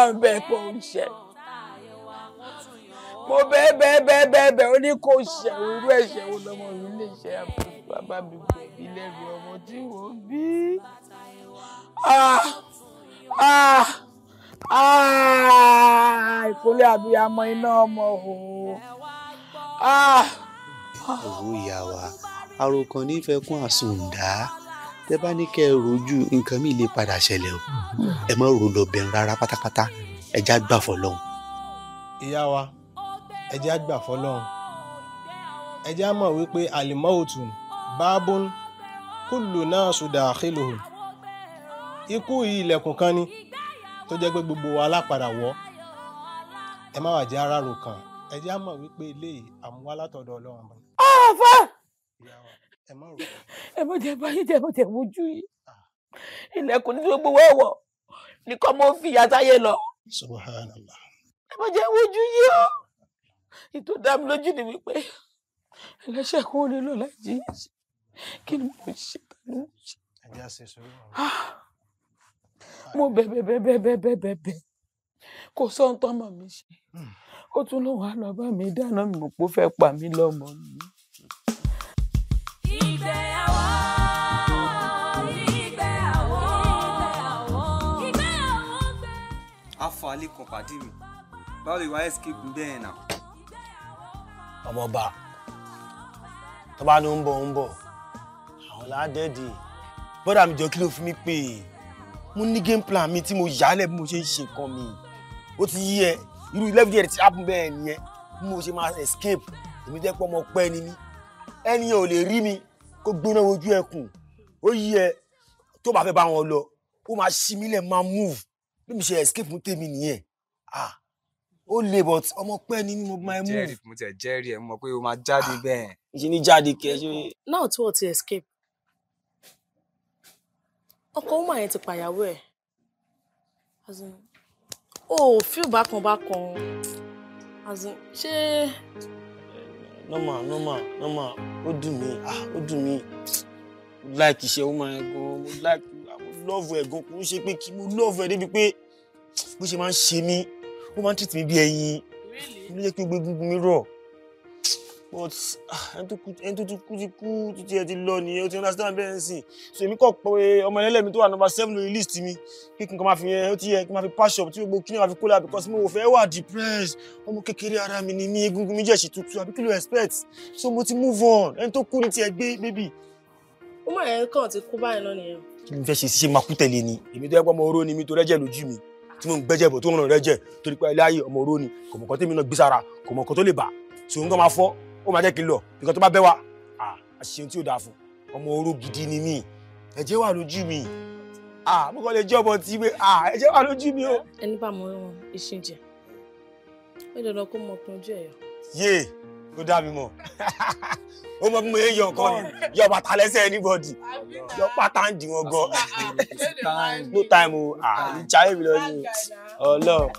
ọlọ́run bẹ́ẹ̀ kó ń ṣe mo bẹ́ẹ̀ bẹ́ẹ̀ bẹ́ẹ̀ bẹ́ẹ̀ bẹ́ẹ̀ ó ní kó irú ẹ̀ṣẹ̀ wo lọ́mọ mi lè ṣe bàbá mi gbẹ̀ mí lẹ́rù ọmọ tí wò ó bí. Ah, ah, ah, ìkúnlẹ̀ àbíyamọ iná ọmọ o. owó ìyá wa arokan nífẹ̀ẹ́ kún àsùndá tẹ bá ní kẹ rojú nǹkan mi lè padà ṣẹlẹ̀ o ẹ má ro lọ bẹ̀rù rárá pátápátá ẹ já gbà fọlọ́hún. ìyá wa ẹ já gbà fọlọ́hún ẹ já mọ̀ wípé àlìmọ́ọ̀tún báábùn kúlù náà sùdà àkìlùhùn ikú yìí ilẹ̀kùn kan ni tó jẹ́ pé gbogbo wa lápadà wọ̀ ẹ má wà jẹ́ aráàlú kan ẹ já mọ̀ wípé eléyìí àmúwá látọ̀dọ̀ ọlọ́run. ọ̀fẹ́ ẹ má rò ó. ẹ mọ̀ jẹ́ báyìí jẹ́ mọ̀ jẹ́ wojú yìí ah. ilẹ̀kùn ní gbogbo wẹ̀wọ̀ nìkan mo fi àtàyè lọ. subhanallah. ẹ mọ̀ jẹ́ wojú yìí o ètò dámi lójú ni wípé ẹlẹ́ṣẹ̀ kò ní lọ láì jí kí ni mo ṣe tani ṣe. Ah. Ah. mo bẹ̀bẹ̀ bẹ̀bẹ̀ bẹ̀bẹ̀ bẹ̀bẹ̀ kò sọ ń tọ́mọ̀ mi ṣe hmm. ó tún lóun á bá mi dáná mi mọ̀ pé ó fẹ́ pa mí lọ́mọ mi àǹfààní kan pàdé mi báwo lè wá escape ń bẹ́ẹ̀ náà. ọmọọba tó bá ní ń bọ̀ ń bọ̀ àwọn ládẹ́ẹ̀dì bọ́dà mi jọ kí ló fi mí pè é mo ní game plan mi tí mo yálẹ̀ bí mo ṣe ń ṣe nǹkan mi ó ti yí ẹ irú eleven years ti happen bẹ́ẹ̀ nìyẹn bí mo ṣe máa escape èmi jẹ́ pé ọmọ pẹ́ ni mí ẹni ò lè rí mi kó gbóná ojú ẹkùn ó yí ẹ tó bá fẹ́ bá wọn lọ ó máa ṣí mi lẹ̀ máa move bí mi ṣe escape fún tèmi nìyẹn ah ó lè but ọmọ pẹ́ ni mo máa move. jẹ́rìí mo tẹ̀ jẹ́rìí ẹ̀ mọ̀ pé o máa jáde bẹ́ẹ̀. ìṣe ni jáde kẹ́ ṣe. náà tí wọ́n ti escape ọkọ ọmọ yẹn ti pàyàwó ẹ̀ ó fíìl bákan bákan ṣé nọ́mà nọ́mà nọ́mà ó dùn mí ah ó dùn mí mo láìkì iṣẹ́ ó máa gan mo like ah, mo lọ́ọ̀fù ẹ̀ gan kò ń ṣe pé kí mo love ẹ̀ débi pé bó ṣe máa ń ṣe mí ó máa ń tìtì mí bí ẹyin mo lè jẹ́ kí gbogbo mi rọ̀ but ah, ẹni tó ti kú ti kú tó ti ẹ ti lọ nìyẹn o ti understand bẹ́ẹ̀ ń sìn so èmi kọ̀ pé ọmọ ẹlẹ́mi tó wà number seven lórí list mi kí nǹkan máa fi yẹn ó ti yẹ kí n máa fi patch up tí gbogbo kí ni máa fi kó because mo ò fẹ́ wà depressed ọmọ kékeré ara mi ni mí egungun mi jẹ́ ṣì tutù àbí kí ló expect so mo ti move on ẹni tó kú ni tiẹ̀ gbé baby. ó mà yẹn kàn ti kú báyìí náà nìyẹn. kí ni fẹ́ ṣe ṣe máa kú tẹ̀lé ni èmi tó yẹ pé ọmọ oró ni mi tí mo ń gbẹ́jẹ̀ bọ̀ torí pé aláyé ọmọ oró ni kò mọ̀kàn tèmi náà gbé sára kò tó lè bà tí òun kàn máa fọ́ ó máa jẹ́ kí n lọ nǹkan tó bá bẹ́ wa àṣìṣe tí ò dáa fún ọmọ oró gidi ni mí ẹ̀jẹ̀ wà lójú mi mo kàn lè jẹ́ ọmọ tí pé ẹ̀jẹ̀ wà lójú mi o. ẹni bá mọ wọn ìṣìjẹ ó dandan kó mọ ọkùnrin ojú ẹ yọ. yé ló dá mi mọ ó mọ bí mo yẹ ọkọ ni yọ bàtà lẹ́sẹ̀ anybody yọ pátá ń dì wọn gan no time o ìjà èmi lọ ni Ọlọ́run.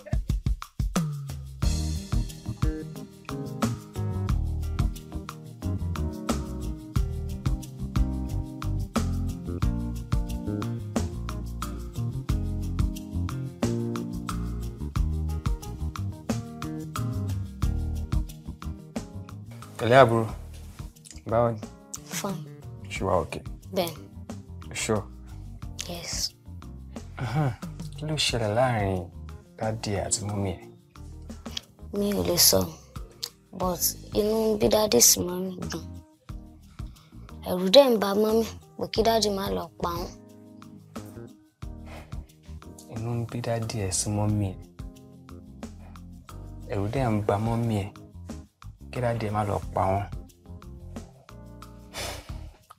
pẹ̀lẹ́ àbúrò báwo ni. fine. ṣé wàá okay. bẹ́ẹ̀ ni. sure. yes. kí ló ṣẹlẹ̀ láàrin dáàdì àti mọ́mí ẹ̀. mi ò lè sọ but inú bí dáàdì sì máa ń dùn ẹ̀rù dẹ̀ ń bà mọ́mí pé kí dáàdì má lọ pa wọ́n. inú bí dáàdì ẹ̀ sí mọ́mí ẹ̀ ẹ̀rù dẹ̀ ń bà mọ́mí ẹ̀ kí dáadé má lọ pa wọn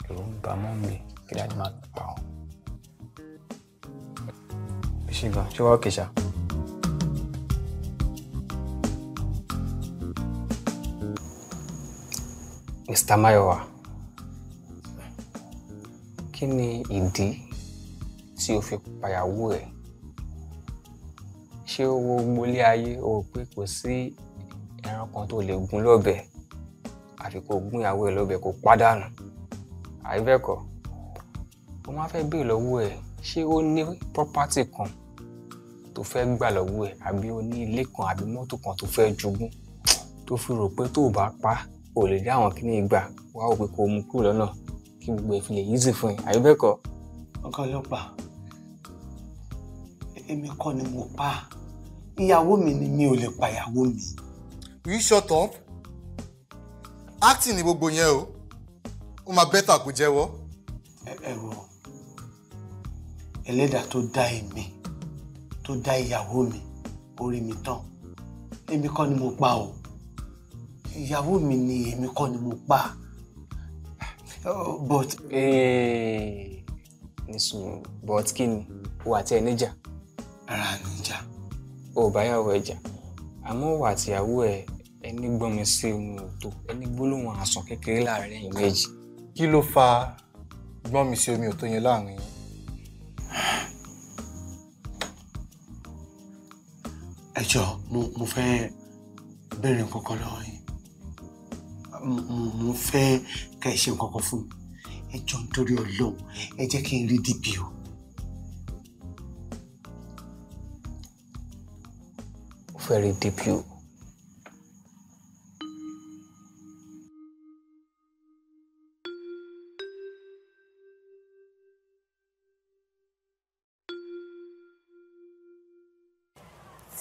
ẹ̀rù ń bà mọ́ mi kí dáadé má lọ pa wọn. ṣé ṣé wàá kẹsà. Mr. Mayowa kí ni ìdí tí o fi pàyàwó rẹ̀ ṣé o wo gbolé ayé o pé kò sí. Si ẹran kan tó lè gún lọ́bẹ̀ àfi kó gún ìyàwó ẹ̀ lọ́bẹ̀ kó pàdánù àìbẹ́ẹ̀kọ́ mo máa fẹ́ béèrè lọ́wọ́ ẹ̀ ṣé ó ní property kan tó fẹ́ gbà lọ́wọ́ ẹ̀ àbí ó ní ilé kan àbí mọ́tò kan tó fẹ́ jogún tó fi rò pé tó o bá pa o lè dá àwọn kíní gbà wá òpè kó o mú kúrò lọ́nà kí gbogbo ẹ̀ fi lè yíṣì fún ẹ àìbẹ́ẹ̀kọ́. ọ̀gá ọlọ́pàá èmi kọ́ ni mo pa ìyàwó mi ni mi ò lè pa ìyàwó mi. We shut up acting ni gbogbo yẹn o ó máa better kó jẹ́wọ́. ẹ̀rọ ẹlẹ́dàá tó dá èmi tó dá ìyàwó mi orí mi tán èmi kọ́ ni mo pa o ìyàwó mi ni èmi kọ́ ni mo pa but. ní but kí ni wà á tẹ ẹ níjà. ara níjà. ò báyàwó ẹ jà àmọ́ wà àtìyàwó ẹ ẹni gbọ́nmi sí ohun òtó ẹni gbólóhùn àsàn kékeré láàrin ẹ̀yìn méjì. kí ló fa gbọ́nmi sí omi òtó yẹn láàrin yẹn. ẹ jọ mo mo fẹ́ béèrè nǹkan kan lọ́wọ́ yín mo fẹ́ kẹ́ ẹ ṣe nǹkan kan fún mi ẹ jọ nítorí Ọlọ́run ẹ jẹ́ kí n rí dìbì o. very deep you.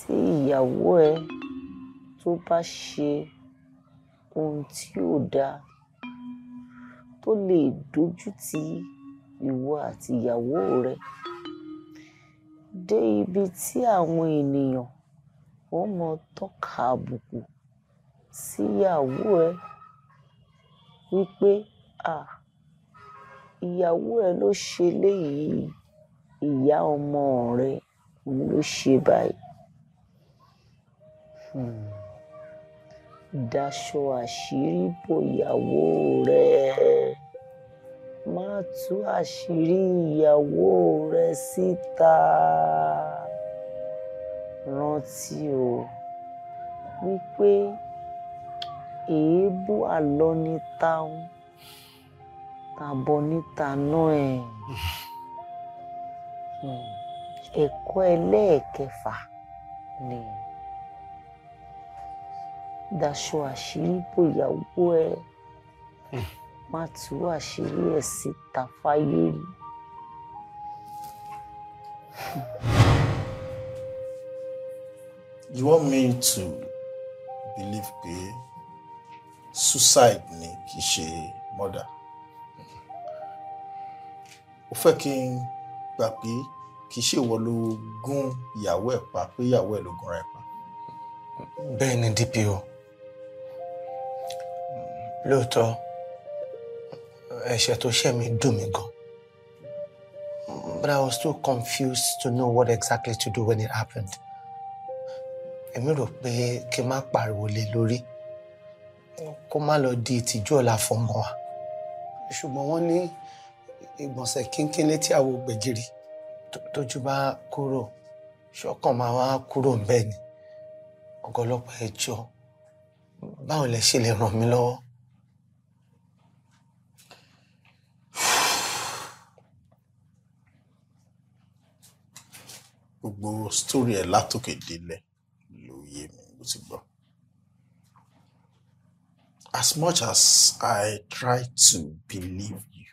tí ìyàwó ẹ tó bá ṣe ohun tí ò dáa tó lè dojú ti ìwọ àti ìyàwó rẹ dé ibi tí àwọn ènìyàn ó mọ tọ́ka àbùkù síyàwó ẹ wípé à ìyàwó ẹ ló ṣe léyìí ìyá ọmọ rẹ òun ló ṣe báyìí. Hmm. Daṣọ àṣírí bo ìyàwó rẹ má tú àṣírí ìyàwó rẹ síta. Si rántí o wípé èébú àlọ́ ní táwọn tàbọ̀ níta náà ẹ̀ hmm. ẹ̀kọ́ ẹlẹ́ẹ̀kẹfà ni daṣọ àṣírí bòyàwó ẹ hmm. má tú àṣírí ẹ̀ síta fáyé rí. Hmm you want me to believe pé suicide ni kì í ṣe murder ó fẹ́ kí n gbà pé kì í ṣe ìwọ ló gún ìyàwó pa pé ìyàwó ẹ̀ ló gúnra ẹ̀ pa. bẹ́ẹ̀ ni DPO lóòótọ́ ẹ̀ṣẹ̀ tó ṣẹ̀ mí dùn mí gan but I was too confused to know what exactly to do when it happened èmi rò pé kí n má pariwo lé lórí kó má lọ di ìtìjú ọ̀la fọmọ wa ṣùgbọ́n wọ́n ní ìgbọ̀nsẹ̀ kínkín létí àwo gbẹ̀gìrì tójú bá kúrò ṣọ́kàn máa wá kúrò ń bẹ́ẹ̀ ni ọ̀gọ́lọ́pàá ẹjọ́ báwo lẹ ṣe lè ràn mí lọ́wọ́. gbogbo sítórì ẹ̀ látòkè délẹ̀ yé mi mo ti gbọ́. As much as I try to believe you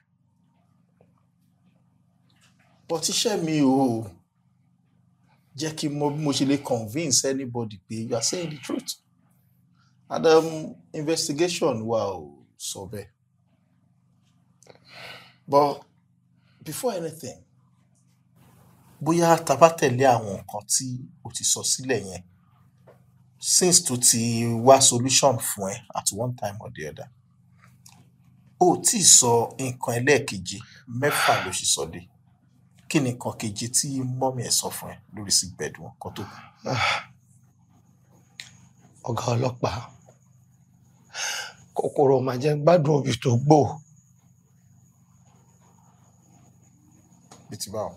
but iṣẹ́ mi ò jẹ́ kí n mọ mo ṣe lè convince anybody pé you are saying the truth Adam, um, investigation wa ò sọ bẹ́ẹ̀ but before anything bóyá tá a bá tẹ̀lé àwọn nǹkan tí o ti sọ sílẹ̀ yẹn since tó ti wá solution fún ẹ at one time or the other o tí ì sọ nǹkan ẹlẹ́ẹ̀kejì mẹ́fà ló sì sọ dé kí ni nǹkan kejì tí mọ́mí ẹ̀ sọ fún ẹ lórí sick bed wọn kan tó kù. Ah, ọ̀gá ọlọ́pàá kòkòrò mà gbádùn obì tó gbò. bí ti báwo.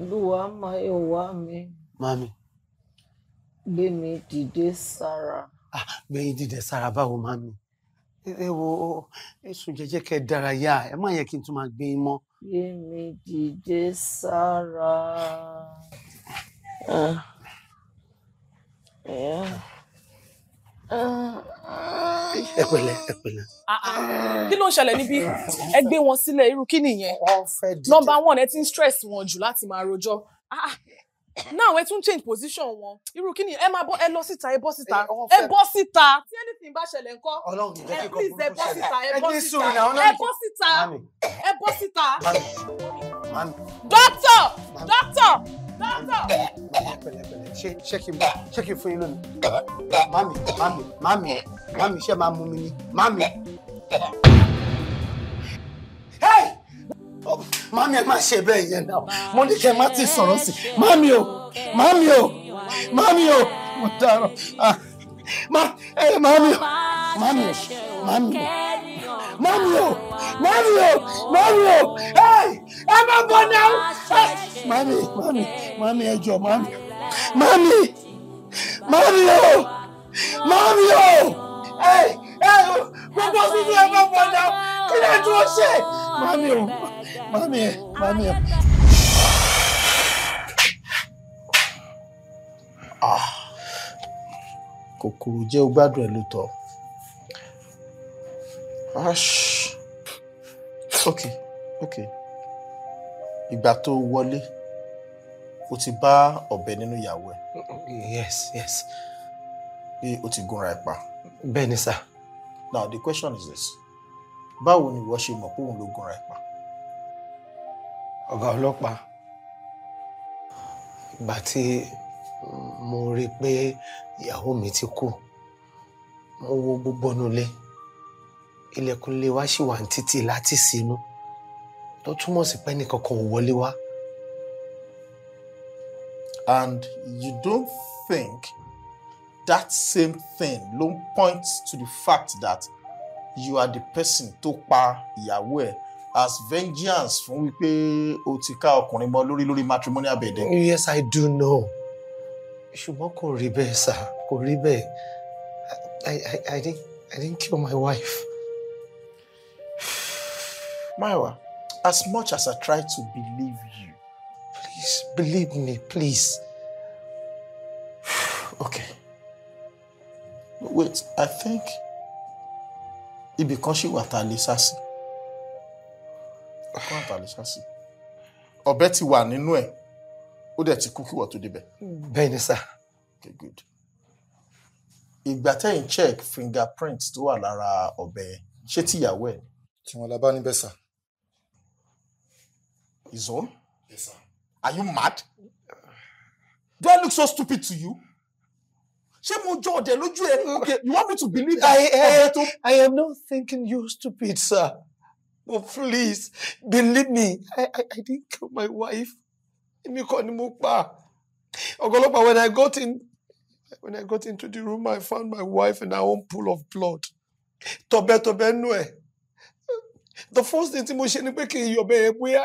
olúwa máyọ̀wá mi. mami. gbé mi dìde sára. ah gbé yín dìde sára báwo mami ẹ wo ẹsùn jẹ́jẹ́ kẹ́ dára yá ẹ má yẹ kí n tún máa gbé yín mọ́. gbé ah. ẹ pẹ̀lẹ́ ẹ pẹ̀lẹ́. Ah, ah. kí ló ń ṣẹlẹ̀ níbí ẹ gbé wọn sílẹ̀ irú kí nìyẹn nọ́mbà one ẹ ti ń stress wọn jù láti máa rojọ́ ah, now ẹ tún change position wọn irú kí ni ẹ máa bọ ẹ lọ síta ẹ bọ síta ẹ bọ síta tí anything bá ṣẹlẹ̀ ńkọ́ ẹ please ẹ bọ síta ẹ bọ síta ẹ bọ síta ẹ bọ síta. dókítà dókítà pẹ̀lẹ́pẹ̀lẹ́ ṣé ṣé kí n bá ṣé kí n fún yín lónìí. mami mami mami mami ṣé máa mú mi ní mami. Oh, mami ẹ má ṣe bẹ́ẹ̀ yẹn náà mo ní kẹ́ ẹ má ti sọ̀rọ̀ sí mami o mami o mami o mo dárò ah, eh, mami o mami o mami o mọ́mí o mọ́mí hey, I'm o ẹ má Mami, Mami, Mami, mọ́mí mọ́mí Mami. jọ̀ọ́ mọ́mí mọ́mí hey, o mọ́mí o gbogbo sísú ẹ má now. Can I lè dúró ṣe mọ́mí Mami. mọ́mí ẹ mọ́mí ẹ. kòkòrò jẹ́ o ẹ̀ lóòótọ́ ash ah, okay. ok ìgbà tó wọlé o ti bá ọ̀bẹ nínú ìyàwó ẹ. yes yes. pé o ti gúnra ẹ pa. bẹ́ẹ̀ ni sà. now the question is this báwo ni ìwọ ṣe mọ̀ pé òun ló gúnra ẹ pa. ọ̀gá ọlọ́pàá ìgbà tí mo rí i pé ìyàwó mi ti kú mo wo gbogbo nulẹ̀. No ilẹ̀kùn ilé wa ṣì wà ní títì láti sínú tó túmọ̀ sí pé ẹnìkankan ò wọlé wá. And you don't think that same thing ló ń point to the fact that you are the person tó pa ìyàwó ẹ̀ as vengeance fún wípé o ti ká ọkùnrin mọ́ lórí lórí matrimonial bed. Yes, I do know ṣùgbọ́n kò rí bẹ́ẹ̀ sá kò rí bẹ́ẹ̀ I I I didn't I didn't kill my wife. Marwa, as much as I try to believe you, please believe me, please. okay. Wait, I think it because ṣì wà tá a lè Or Betty Ọkọ in lè sá sí. Ọ̀bẹ ti wà nínú ẹ̀, ó dẹ̀ ti kú kí wọ́n tó débẹ̀. Bẹ́ẹ̀ ni sá. Okay, good. Ìgbà tẹ́yìn check fingerprint tó wà lára ọ̀bẹ ṣé tìyàwó ẹ̀? Tí wọ́n his own? Yes, sir. Are you mad? Do I look so stupid to you? ṣé mo jọ ọdẹ lójú ẹ you want me to believe that. I, I, to... I am not thinking you stupid sir but please believe me I, I, I didn't kill my wife èmi kọ́ ni mo pa ọgọlọpàá when I got in when I got into the room I found my wife in her own pool of blood tọbẹtọbẹ nú ẹ the first thing tí mo ṣe ni pé kí n yọ bẹ́ẹ̀ bóyá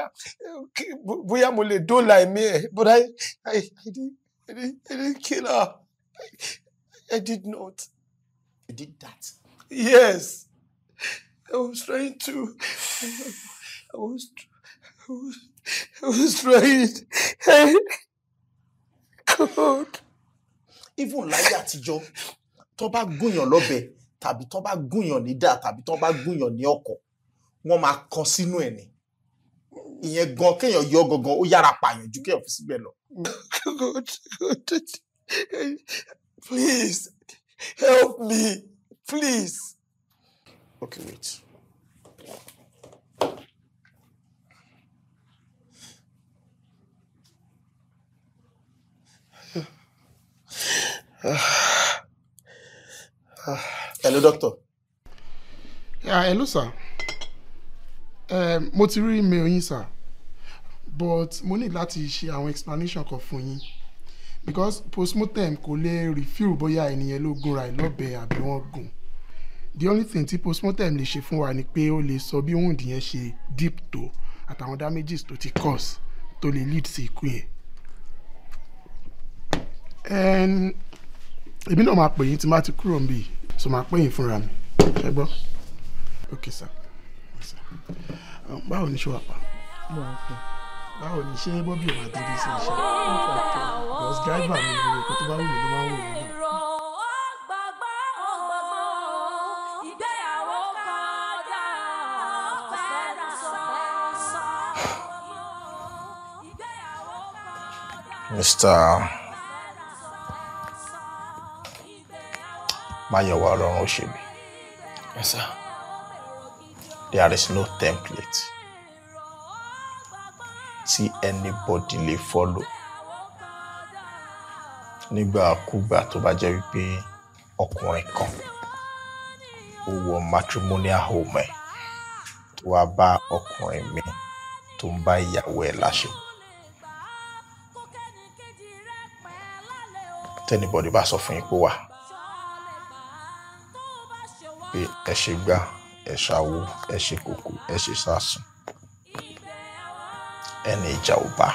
bóyá mo lè dóòlà ẹ̀mí ẹ̀ but I, I, I, didn't, I, didn't, kill her I, I did not. You did that? Yes. I was trying to. I was. I was. I was trying. God. Even láyé àtijọ́, tó bá gúnyàn lọ́bẹ, tàbí tó bá gúnyàn nídà, tàbí tó bá gúnyàn ní ọkọ̀ wọ́n máa kan sínú ẹ̀ ni ìyẹn gan kéèyàn yọ gangan ó yára pààyàn ju kéèyàn fi síbẹ̀ lọ. please help me please. okay wait. hello doctor. Yeah, hello sir mo ti rí email yín sir but mo need láti ṣe àwọn explanation kan fún yín because postmortem kò lè refill bóyá ènìyàn ló gúnra ẹ̀ lọ́bẹ̀ àbí wọ́n gùn the only thing tí postmortem lè ṣe fún wa ni pé ó lè sọ bí wound yẹn ṣe deep tó àtàwọn damages tó ti cause tó lè lead sí ikú yẹn èmi náà máa pè yín tí má ti kúrò níbí so máa pè yín fúnra mi ṣé gbọ́ okay sir sà um, báwo ni ṣé wà pa. báwo ni ṣé bọ́bí ò máa débi sí iṣẹ́ bus driver mi ni èkó tó bá wù mí ló máa wù mí Mr. Máyọ̀wá Ọlọ́run Òṣèbí. Yes, sir. There is no template tí anybody lè follow nígbàkúgbà tó bá jẹ́ wípé ọkùnrin kan ó wọ matrimonial home ẹ̀ tó wá bá ọkùnrin mi tó ń bá ìyàwó ẹ̀ láṣepọ̀. tẹ́nibọ̀dì bá sọ fún yín pé wà pé ẹ ṣe gbá ẹ ṣàwo ẹ ṣe kòkò ẹ ṣe sásùn ẹni ìjà ò bá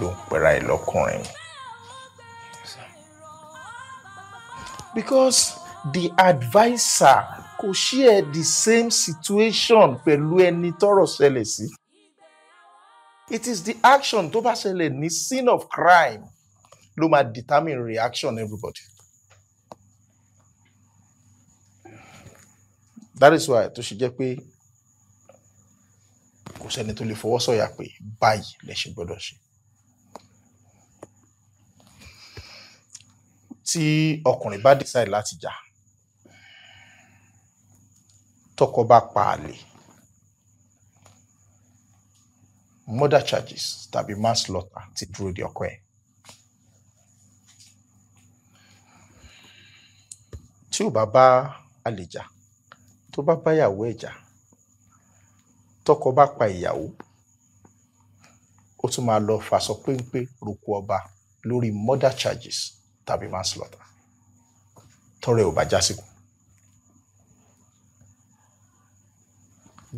ló ń pera ẹ lọkùnrin because the adviser kò share the same situation pẹ̀lú ẹni tọ́rọ̀ ṣẹlẹ̀ sí. it is the action tó bá ṣẹlẹ̀ ní scene of crime ló máa determine reaction everybody. that is why tó ṣe jẹ́ pé kò sẹ́ni tó lè fọwọ́ sọ̀yà pé báyìí lẹ ṣe gbọ́dọ̀ ṣe. tí ọkùnrin bá decide láti jà tọkọ bá pa àlè murder charges tàbí manslaughter ti dúró de ọkọ ẹ̀. tí ò bá bá àlè jà tó bá báyàwó ẹ̀ jà tọkọ bá pa ìyàwó ó tún máa lọ fàṣọ péńpé roko ọba lórí murder charges tàbí manslaughter tọrẹ ò bá jásìkò.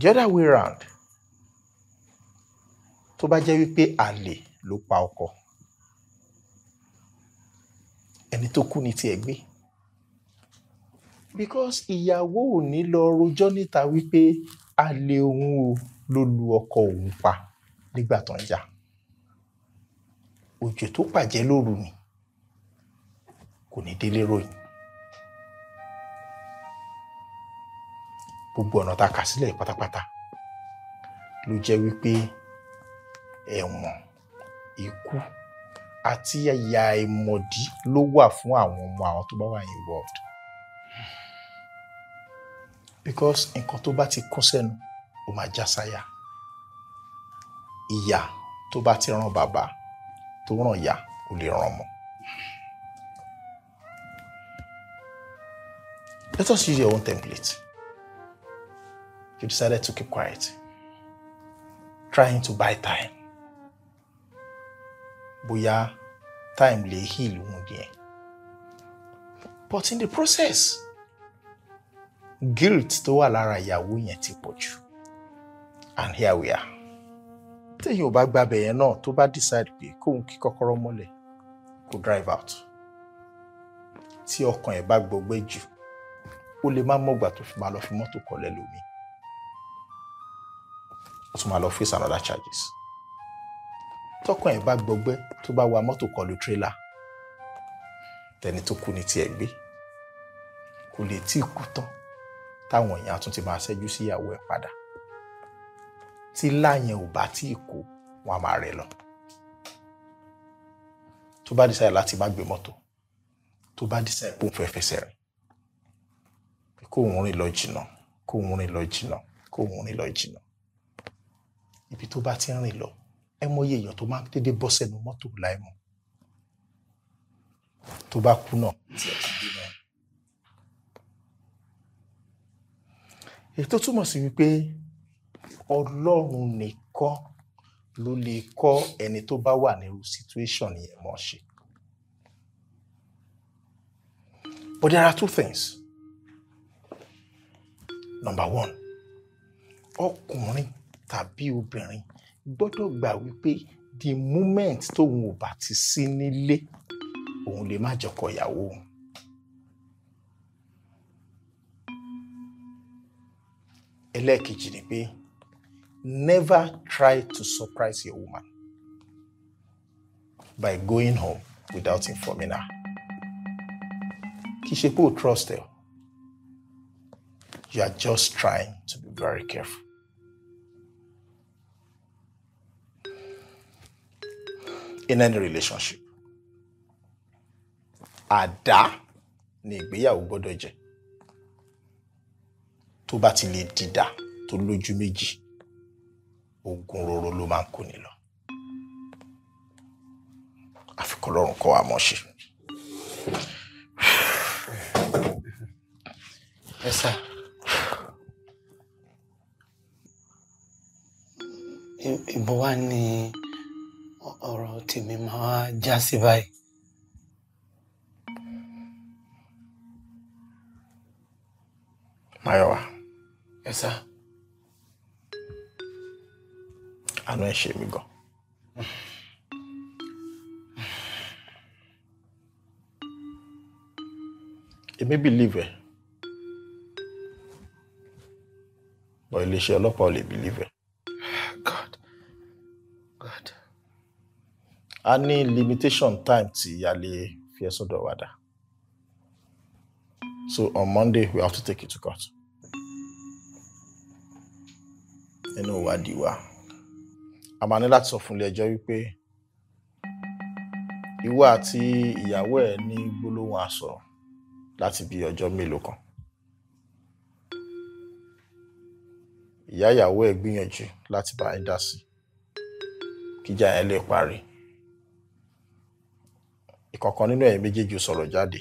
the other way round tó bá jẹ́ wípé àlè ló pa ọkọ ẹni tó kú ni tiẹ̀ gbé because ìyàwó ò ní lọ rojọ́ níta wípé alẹ́ òun o ló lu ọkọ òun pa nígbà tó ń jà òjò tó pàjẹ́ lóru ni kò ní délé ròyìn gbogbo ọ̀nà tá a kà sílẹ̀ pátápátá ló jẹ́ wípé ẹ̀wọ̀n ikú àti ìyà ìmọ̀dí ló wà fún àwọn ọmọ àwọn tó bá wà involved because nǹkan tó bá ti kún sẹ́nu ó máa já sáyà ìyá tó bá ti ràn bàbá tó ràn ìyá ó lè ràn ọmọ. Let us use your own template. You decided to keep quiet, trying to buy time. Bóyá time lè heal wound yẹn. But in the process, guilt tó wà lára ìyàwó yẹn ti pọ̀ jù and here we are téèyàn ò bá gbàbẹ̀ yẹn náà tó bá decide pé kóun kí kọ́kọ́rọ́ mọ́lẹ̀ kó drive out tí ọkàn ẹ̀ bá gbọgbẹ́ jù ó lè má mọ̀gbà tó fi máa lọ fi mọ́tò kọ́lẹ̀ lómi ó tún máa lọ face another charges tọkàn ẹ̀ bá gbọgbẹ́ tó bá wa mọ́tò kọlu tírélà tẹni tó kú ni tiẹ̀ gbé kò lè tí kú tán táwọn èèyàn tún ti máa ṣẹ́jú sí ìyàwó ẹ̀ padà tí láyẹn ò bá tí kó wọn a máa rẹ̀ lọ tó bá dísáyà láti má gbé mọ́tò tó bá dísáyà kó fẹ́ fẹsẹ̀ rìn kó òun rìn lọ jìnnà kó òun rìn lọ jìnnà kó òun rìn lọ jìnnà ibi tó bá ti ń rìn lọ ẹ mọyì èèyàn tó máa ń dédé bọ́ sẹ́nu mọ́tò láì mọ̀ tó bá kú náà èyí tó túmọ̀ sí wípé ọlọ́run nìkan ló lè kọ́ ẹni tó bá wà nírú situation yẹn mọ́ ṣe. But there are two things. Number one, ọkùnrin tàbí obìnrin gbọ́dọ̀ gbà wípé the moment tóun ò bá ti sí nílé òun lè má jọkọ̀ ìyàwó òun. ẹlẹ́ẹ̀kejì ni pé never try to surprise your woman by going home without informing her kì ṣe pé o trust her you are just trying to be very careful. in any relationship àdá ni ìgbéyàwó gbọ́dọ̀ jẹ́ tó bá ti lè dìdà tó lójú méjì ogun roro ló máa ń kó ni lọ àfikún lọ́rùn kọ́ wa mọ̀ ẹ sá ìbò wa ni ọ̀rọ̀ tèmi máa já sí báyìí. Mayowa ẹ sá. àánú ẹ ṣe mí gan. èmi believe ẹ bọ iléeṣẹ́ ọlọ́pàá ò lè believe ẹ. God God. a ní limitation time tí a lè fi ẹ sọ́dọ̀ wa dà so on Monday we have to take it to court. nínú ìwádìí wa a máa ní láti sọ fún ilé ẹjọ́ wípé ìwọ àti ìyàwó ẹ ní gbólóhùn àṣọ láti bí ọjọ́ mélòó kan ìyá ìyàwó ẹ gbìyànjú láti bá ẹ dá sí kíjà yẹn lè parí ìkọ̀kan nínú ẹ̀yin méjèèjì sọ̀rọ̀ jáde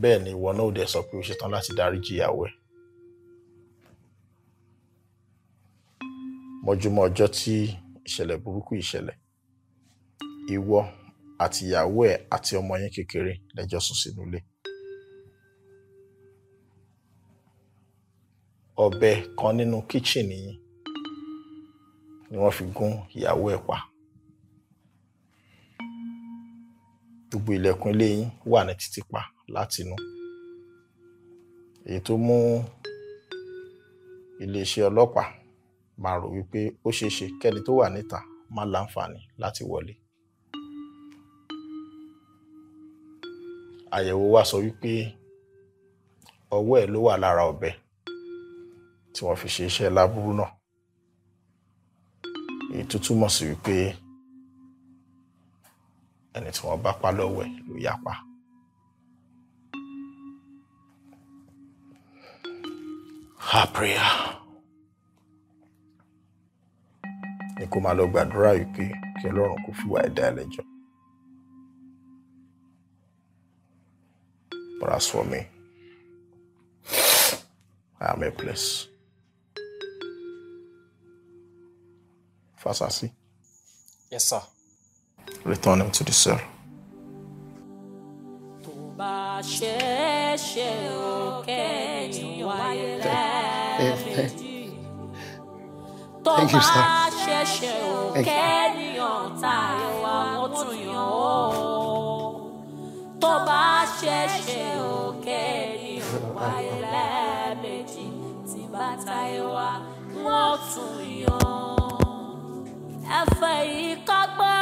bẹ́ẹ̀ ni ìwọ náà ò dẹ̀ sọ pé o ṣetán láti dáríjì ìyàwó ẹ̀ mọ́júmọ́ ọjọ́ tí ìṣẹ̀lẹ̀ burúkú ìṣẹ̀lẹ̀ ìwọ àti ìyàwó ẹ̀ àti ọmọ yín kékeré lẹ́jọ́ sùn sínú ilé. ọ̀bẹ kan nínú kíchìnì yín ni wọ́n fi gún ìyàwó ẹ̀ pa. gbogbo ilẹ̀kùn ilé yín wà ní títì pa látinú èyí tó mú iléeṣẹ́ ọlọ́pàá máa rò wípé ó ṣeé ṣe kẹ́ni tó wà níta máa láǹfààní láti wọlé. àyẹ̀wò wa sọ wípé ọwọ́ ẹ̀ ló wà lára ọ̀bẹ tí wọ́n fi ṣe iṣẹ́ láburú náà èyí tó túmọ̀ sí wípé ẹni tí wọ́n bá pa lọ́wọ́ ẹ̀ ló yá pa. Our prayer. ni kó máa lọ gbàdúrà yìí kí ọlọ́run kó fìwà ẹ̀dá ẹlẹ́jọ́. But for me, I am helpless. Fasasi. Yes, sir. Return him to the cell. Thank you, sir ṣẹ̀ṣẹ̀ o kẹ́niyàn tayọ àwọn tó yàn ọ́ tó bá ṣẹ̀ṣẹ̀ o kẹ́niyàn wáyé lẹ́ẹ̀mejì tí bá tayọ wá wọ́n tún yàn. ẹ̀fẹ̀ yìí kágbọ́n.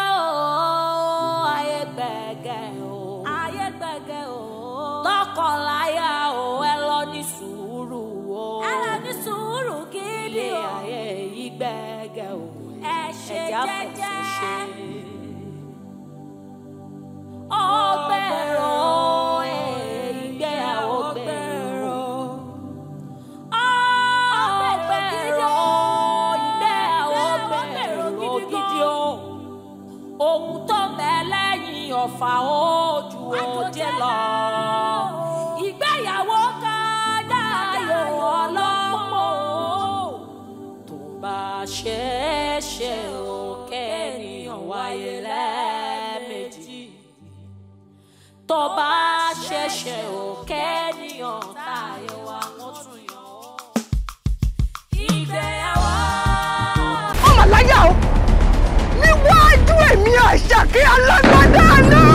ọ̀fà ojú òjé lọ. ìgbéyàwó kájà ayò ọlọ́pọ̀ tó bá ṣẹ̀ṣẹ̀ òkè ènìyàn wáyé lẹ́ẹ̀mejì tó bá ṣẹ̀ṣẹ̀ òkè ènìyàn. yín àṣàkẹ́ alágbádá náà.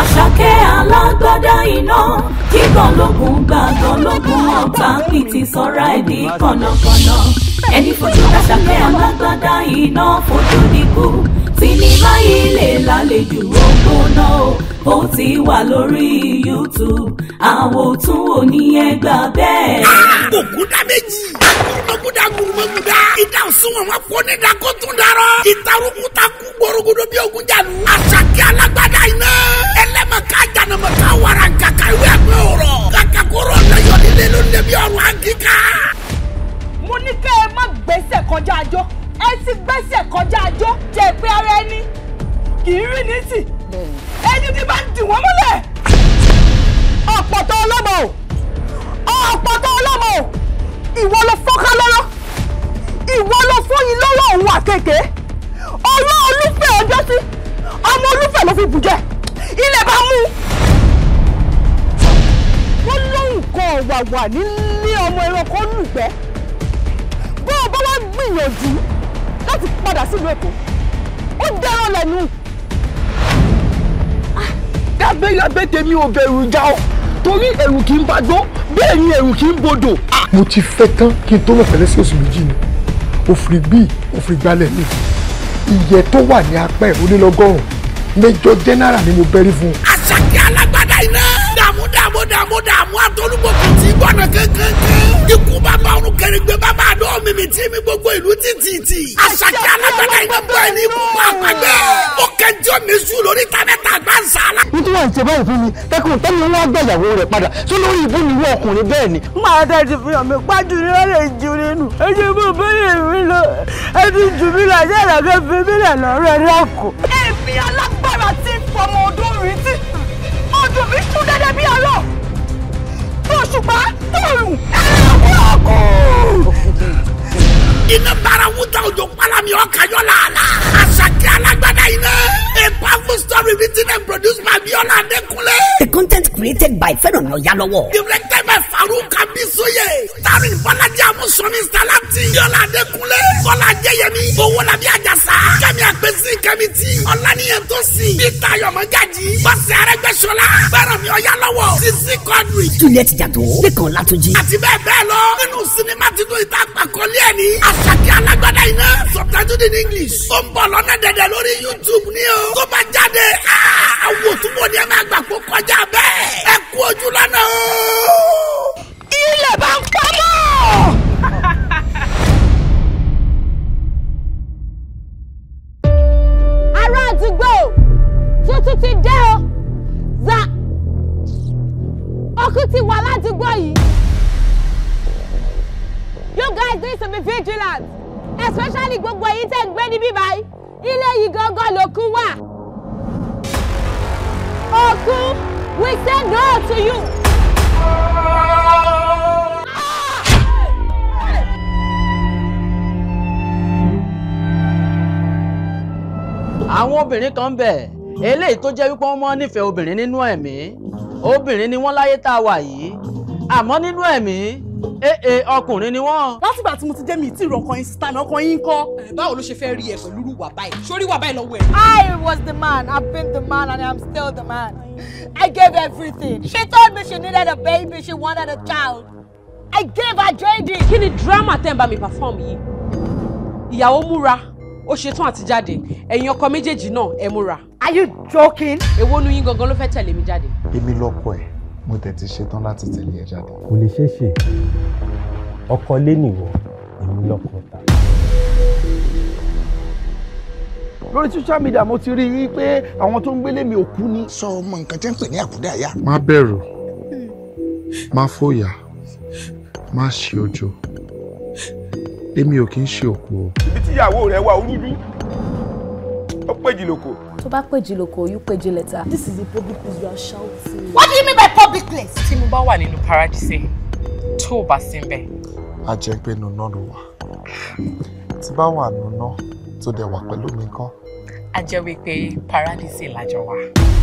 àṣàkẹ́ alágbádá iná kíkan lógun gbàgbọ́ lógun ọ̀tá pìtì sọ́ra ẹ̀dí kọ̀nàkọ̀nà ẹni fojú àṣàkẹ́ alágbádá iná fojú níkù sinimá yìí lè lálejò ògbóná o ó ti wà lórí YouTube àwọn òtún wò ní ẹgbà bẹ́ẹ̀. òkúta méjì òkúta gbùgbùgbùgbà ìdá òsùnwọ̀n wọn kò ní dako tún darọ ìtarùkù ta kú gbòrògbòdò bí ogun jàlú. àṣàkí alágbádá iná ẹlẹ́mọ̀ká jànàmọ̀ká wàrà kàkà ìwé ẹgbẹ́ ọ̀rọ̀ kàkà kóró ọ̀lẹ́yọ̀ nílé ló ń lé ẹ ti gbẹ́sẹ̀ kọjá àjọ jẹ́ pé ara ẹni kì í rí ní tì ẹni tí bá ń dì wọ́n mọ́lẹ̀. ọ̀pọ̀tọ̀ ọlọ́mọ o ọ̀pọ̀tọ̀ ọlọ́mọ o ìwọ ló fọ́ká lọ́rọ́ ìwọ ló fóyin lọ́rọ́ òun àkekè ọlọ́ olúfẹ́ ọjọ́ sí ọmọ olúfẹ́ ló fi bùjẹ́ ilẹ̀ bá mú wọ́n lóhùn kan ọ̀wàwà nílé ọmọ ẹranko lùgbẹ́ bó bá wá gbìyànjú láti padà sílùú èkó ó dẹ́rọ̀ lẹ́nu. Ah. dábẹ́ lábẹ́ tèmi ò bẹ̀rù ìjà o torí ẹ̀rù kì í bá gbó bẹ́ẹ̀ ni ẹ̀rù kì í bodò. Ah. mo ti fẹ́ tán kí n tó lọ fẹ́lẹ́ sí oṣù méjì ni òfin bíi òfin gbalẹ̀ mi ìyẹ́ tó wà ní apá ẹ̀rọ lélọ́gọ́rùn-ún mẹ́jọ jẹ́nẹ́rà ni mo bẹ́rí fún un. àṣàkí alágbádá iná dààmú dààmú dààmú dààmú àtolúgbò kò tí gbọ́dọ̀ kankan kan ikú bàbá ọ̀run kẹrìngbẹ́ bàbá àdó mímí tí mi gbogbo ìlú títìtì. àṣàkí alágbádá iná bọ́ ẹni ikú mọ́ àpàgbẹ́. ó kẹjọ mi sùn lórí tàbẹ́tà gbàǹsà la. nítorí àìsè báyìí fún mi tẹkùn tẹni wọn gbẹ ìyàwó rẹ padà tó lórí ìbú mi wọ ọkùnrin bẹ́ẹ̀ ni. máa tẹ ti fi hàn mí pájú ni wọn lè ju nínú. ẹ ṣe bó bẹ́ẹ̀ mi lọ ẹ ti jù mí lọ ṣé àlàkẹ́ fi mí lẹ̀ lọ́rọ̀ ẹ̀ lọ́kọ̀. èmi alágbára ti fọmọ ọdún rí tí ọdún mi sún dẹ́dẹ́ bí ọlọ́ọ̀ òṣùpá tòrùn ẹ̀rọ kù. iná bara wúta òjò pálámi ọkà yọ làálàá àṣàkí alágbádá iná. A powerful story written and produced by Biola Adekunle. The content created by Fẹ́rànmi Oyálọ́wọ́. Directed by Farouk Abisoye. Starring Bọ́lájí Amusomi Salati. Biola Adekunle. Bọ́lá Jẹ́yẹmí. Owólabí Àjàsá. Kẹ́mi Àgbẹ̀sí Kẹ́mi Tí. Ọ̀làníyàn Tósìn. Peter Yomagaji. Bọ́sẹ̀ Arẹ́gbẹ́sọlá. Fẹ́rànmi Oyálọ́wọ́. Sisi Quadri. Juliet Jato, Lékan Látúnjí. Àti bẹ́ẹ̀ bẹ́ẹ̀ lọ. Nínú sinimá tuntun ìta àpàkọ́lé ẹ̀ ní. Àṣàkí alágbádá iná. Subtitled in English. Ó ń bọ̀ lọ́nà dẹ̀dẹ̀ lórí YouTube ní o ọlọ́run tó bá jáde ah, àwọn òtúbọ̀ ni ẹ máa gbà kó kọjá bẹ́ẹ̀ ẹ kú ojú lánàá o. bá ń pamọ́. ará àdúgbò tuntun ti dé o za ọkùn ti wà ládùúgbò yìí. You guys need to be vigilant especially gbogbo èyí tẹ́ ń gbé níbí báyìí ilé yìí gángan lòkun wà. Òkun, we send no to you. àwọn obìnrin kan bẹ̀ eléyìí tó jẹ́ wípé wọ́n mọ́ nífẹ̀ẹ́ obìnrin nínú ẹ̀mí obìnrin ni wọ́n láyé tá a wà yìí àmọ́ nínú ẹ̀mí ee eh, eh, ọkùnrin ni wọ́n. látìgbà tí mo ti dé mi ìtì ìrọ̀kan yín sísá mi ọkàn yín kọ́. Eh, báwo ló ṣe fẹ́ rí ẹ pẹ̀lú irú báyìí sórí wà báyìí lọ́wọ́ ẹ. I was the man I've been the man and I'm still the man I gave everything she told me she needed a baby she wanted a child I gave her JD. kí ni drama tẹ́ ń bá mi perform yìí ìyàwó múra ó ṣetán àti jáde ẹ̀yin ọkọ méjèèjì náà ẹ múra. are you joking? èwo nu yín gangan ló fẹ́ tẹ̀lé mi jáde. èmi lọkọ ẹ̀ mo tẹ̀ ti ṣetán láti tẹ̀lé ẹ jáde. kò lè ṣeé ṣe ọkọ lé nìwọ èmi lọkọ ta. lórí social media mo ti rí i pé àwọn tó ń gbélé mi ò kú ni. sọ ọmọ nǹkan tẹ́ ń pè ní àkúdàáyà. má bẹ̀rù má fòyà má ṣe ojo èmi ò kí ń ṣe òpó. ibi tíyàwó rẹ wà ó ó péjì lóko tó bá pèjì lóko you pèjì lẹ́tà. this is a public place you are shouting. what do you mean by public place. tí mo bá wà nínú paradise tó o bá sí bẹ́ẹ̀. a jẹ́ pé inú náà ló wà tí bá wà nínú náà tó dẹ̀ wà pẹ̀lú mi kọ́. a jẹ́ wípé paradise làjọ wà.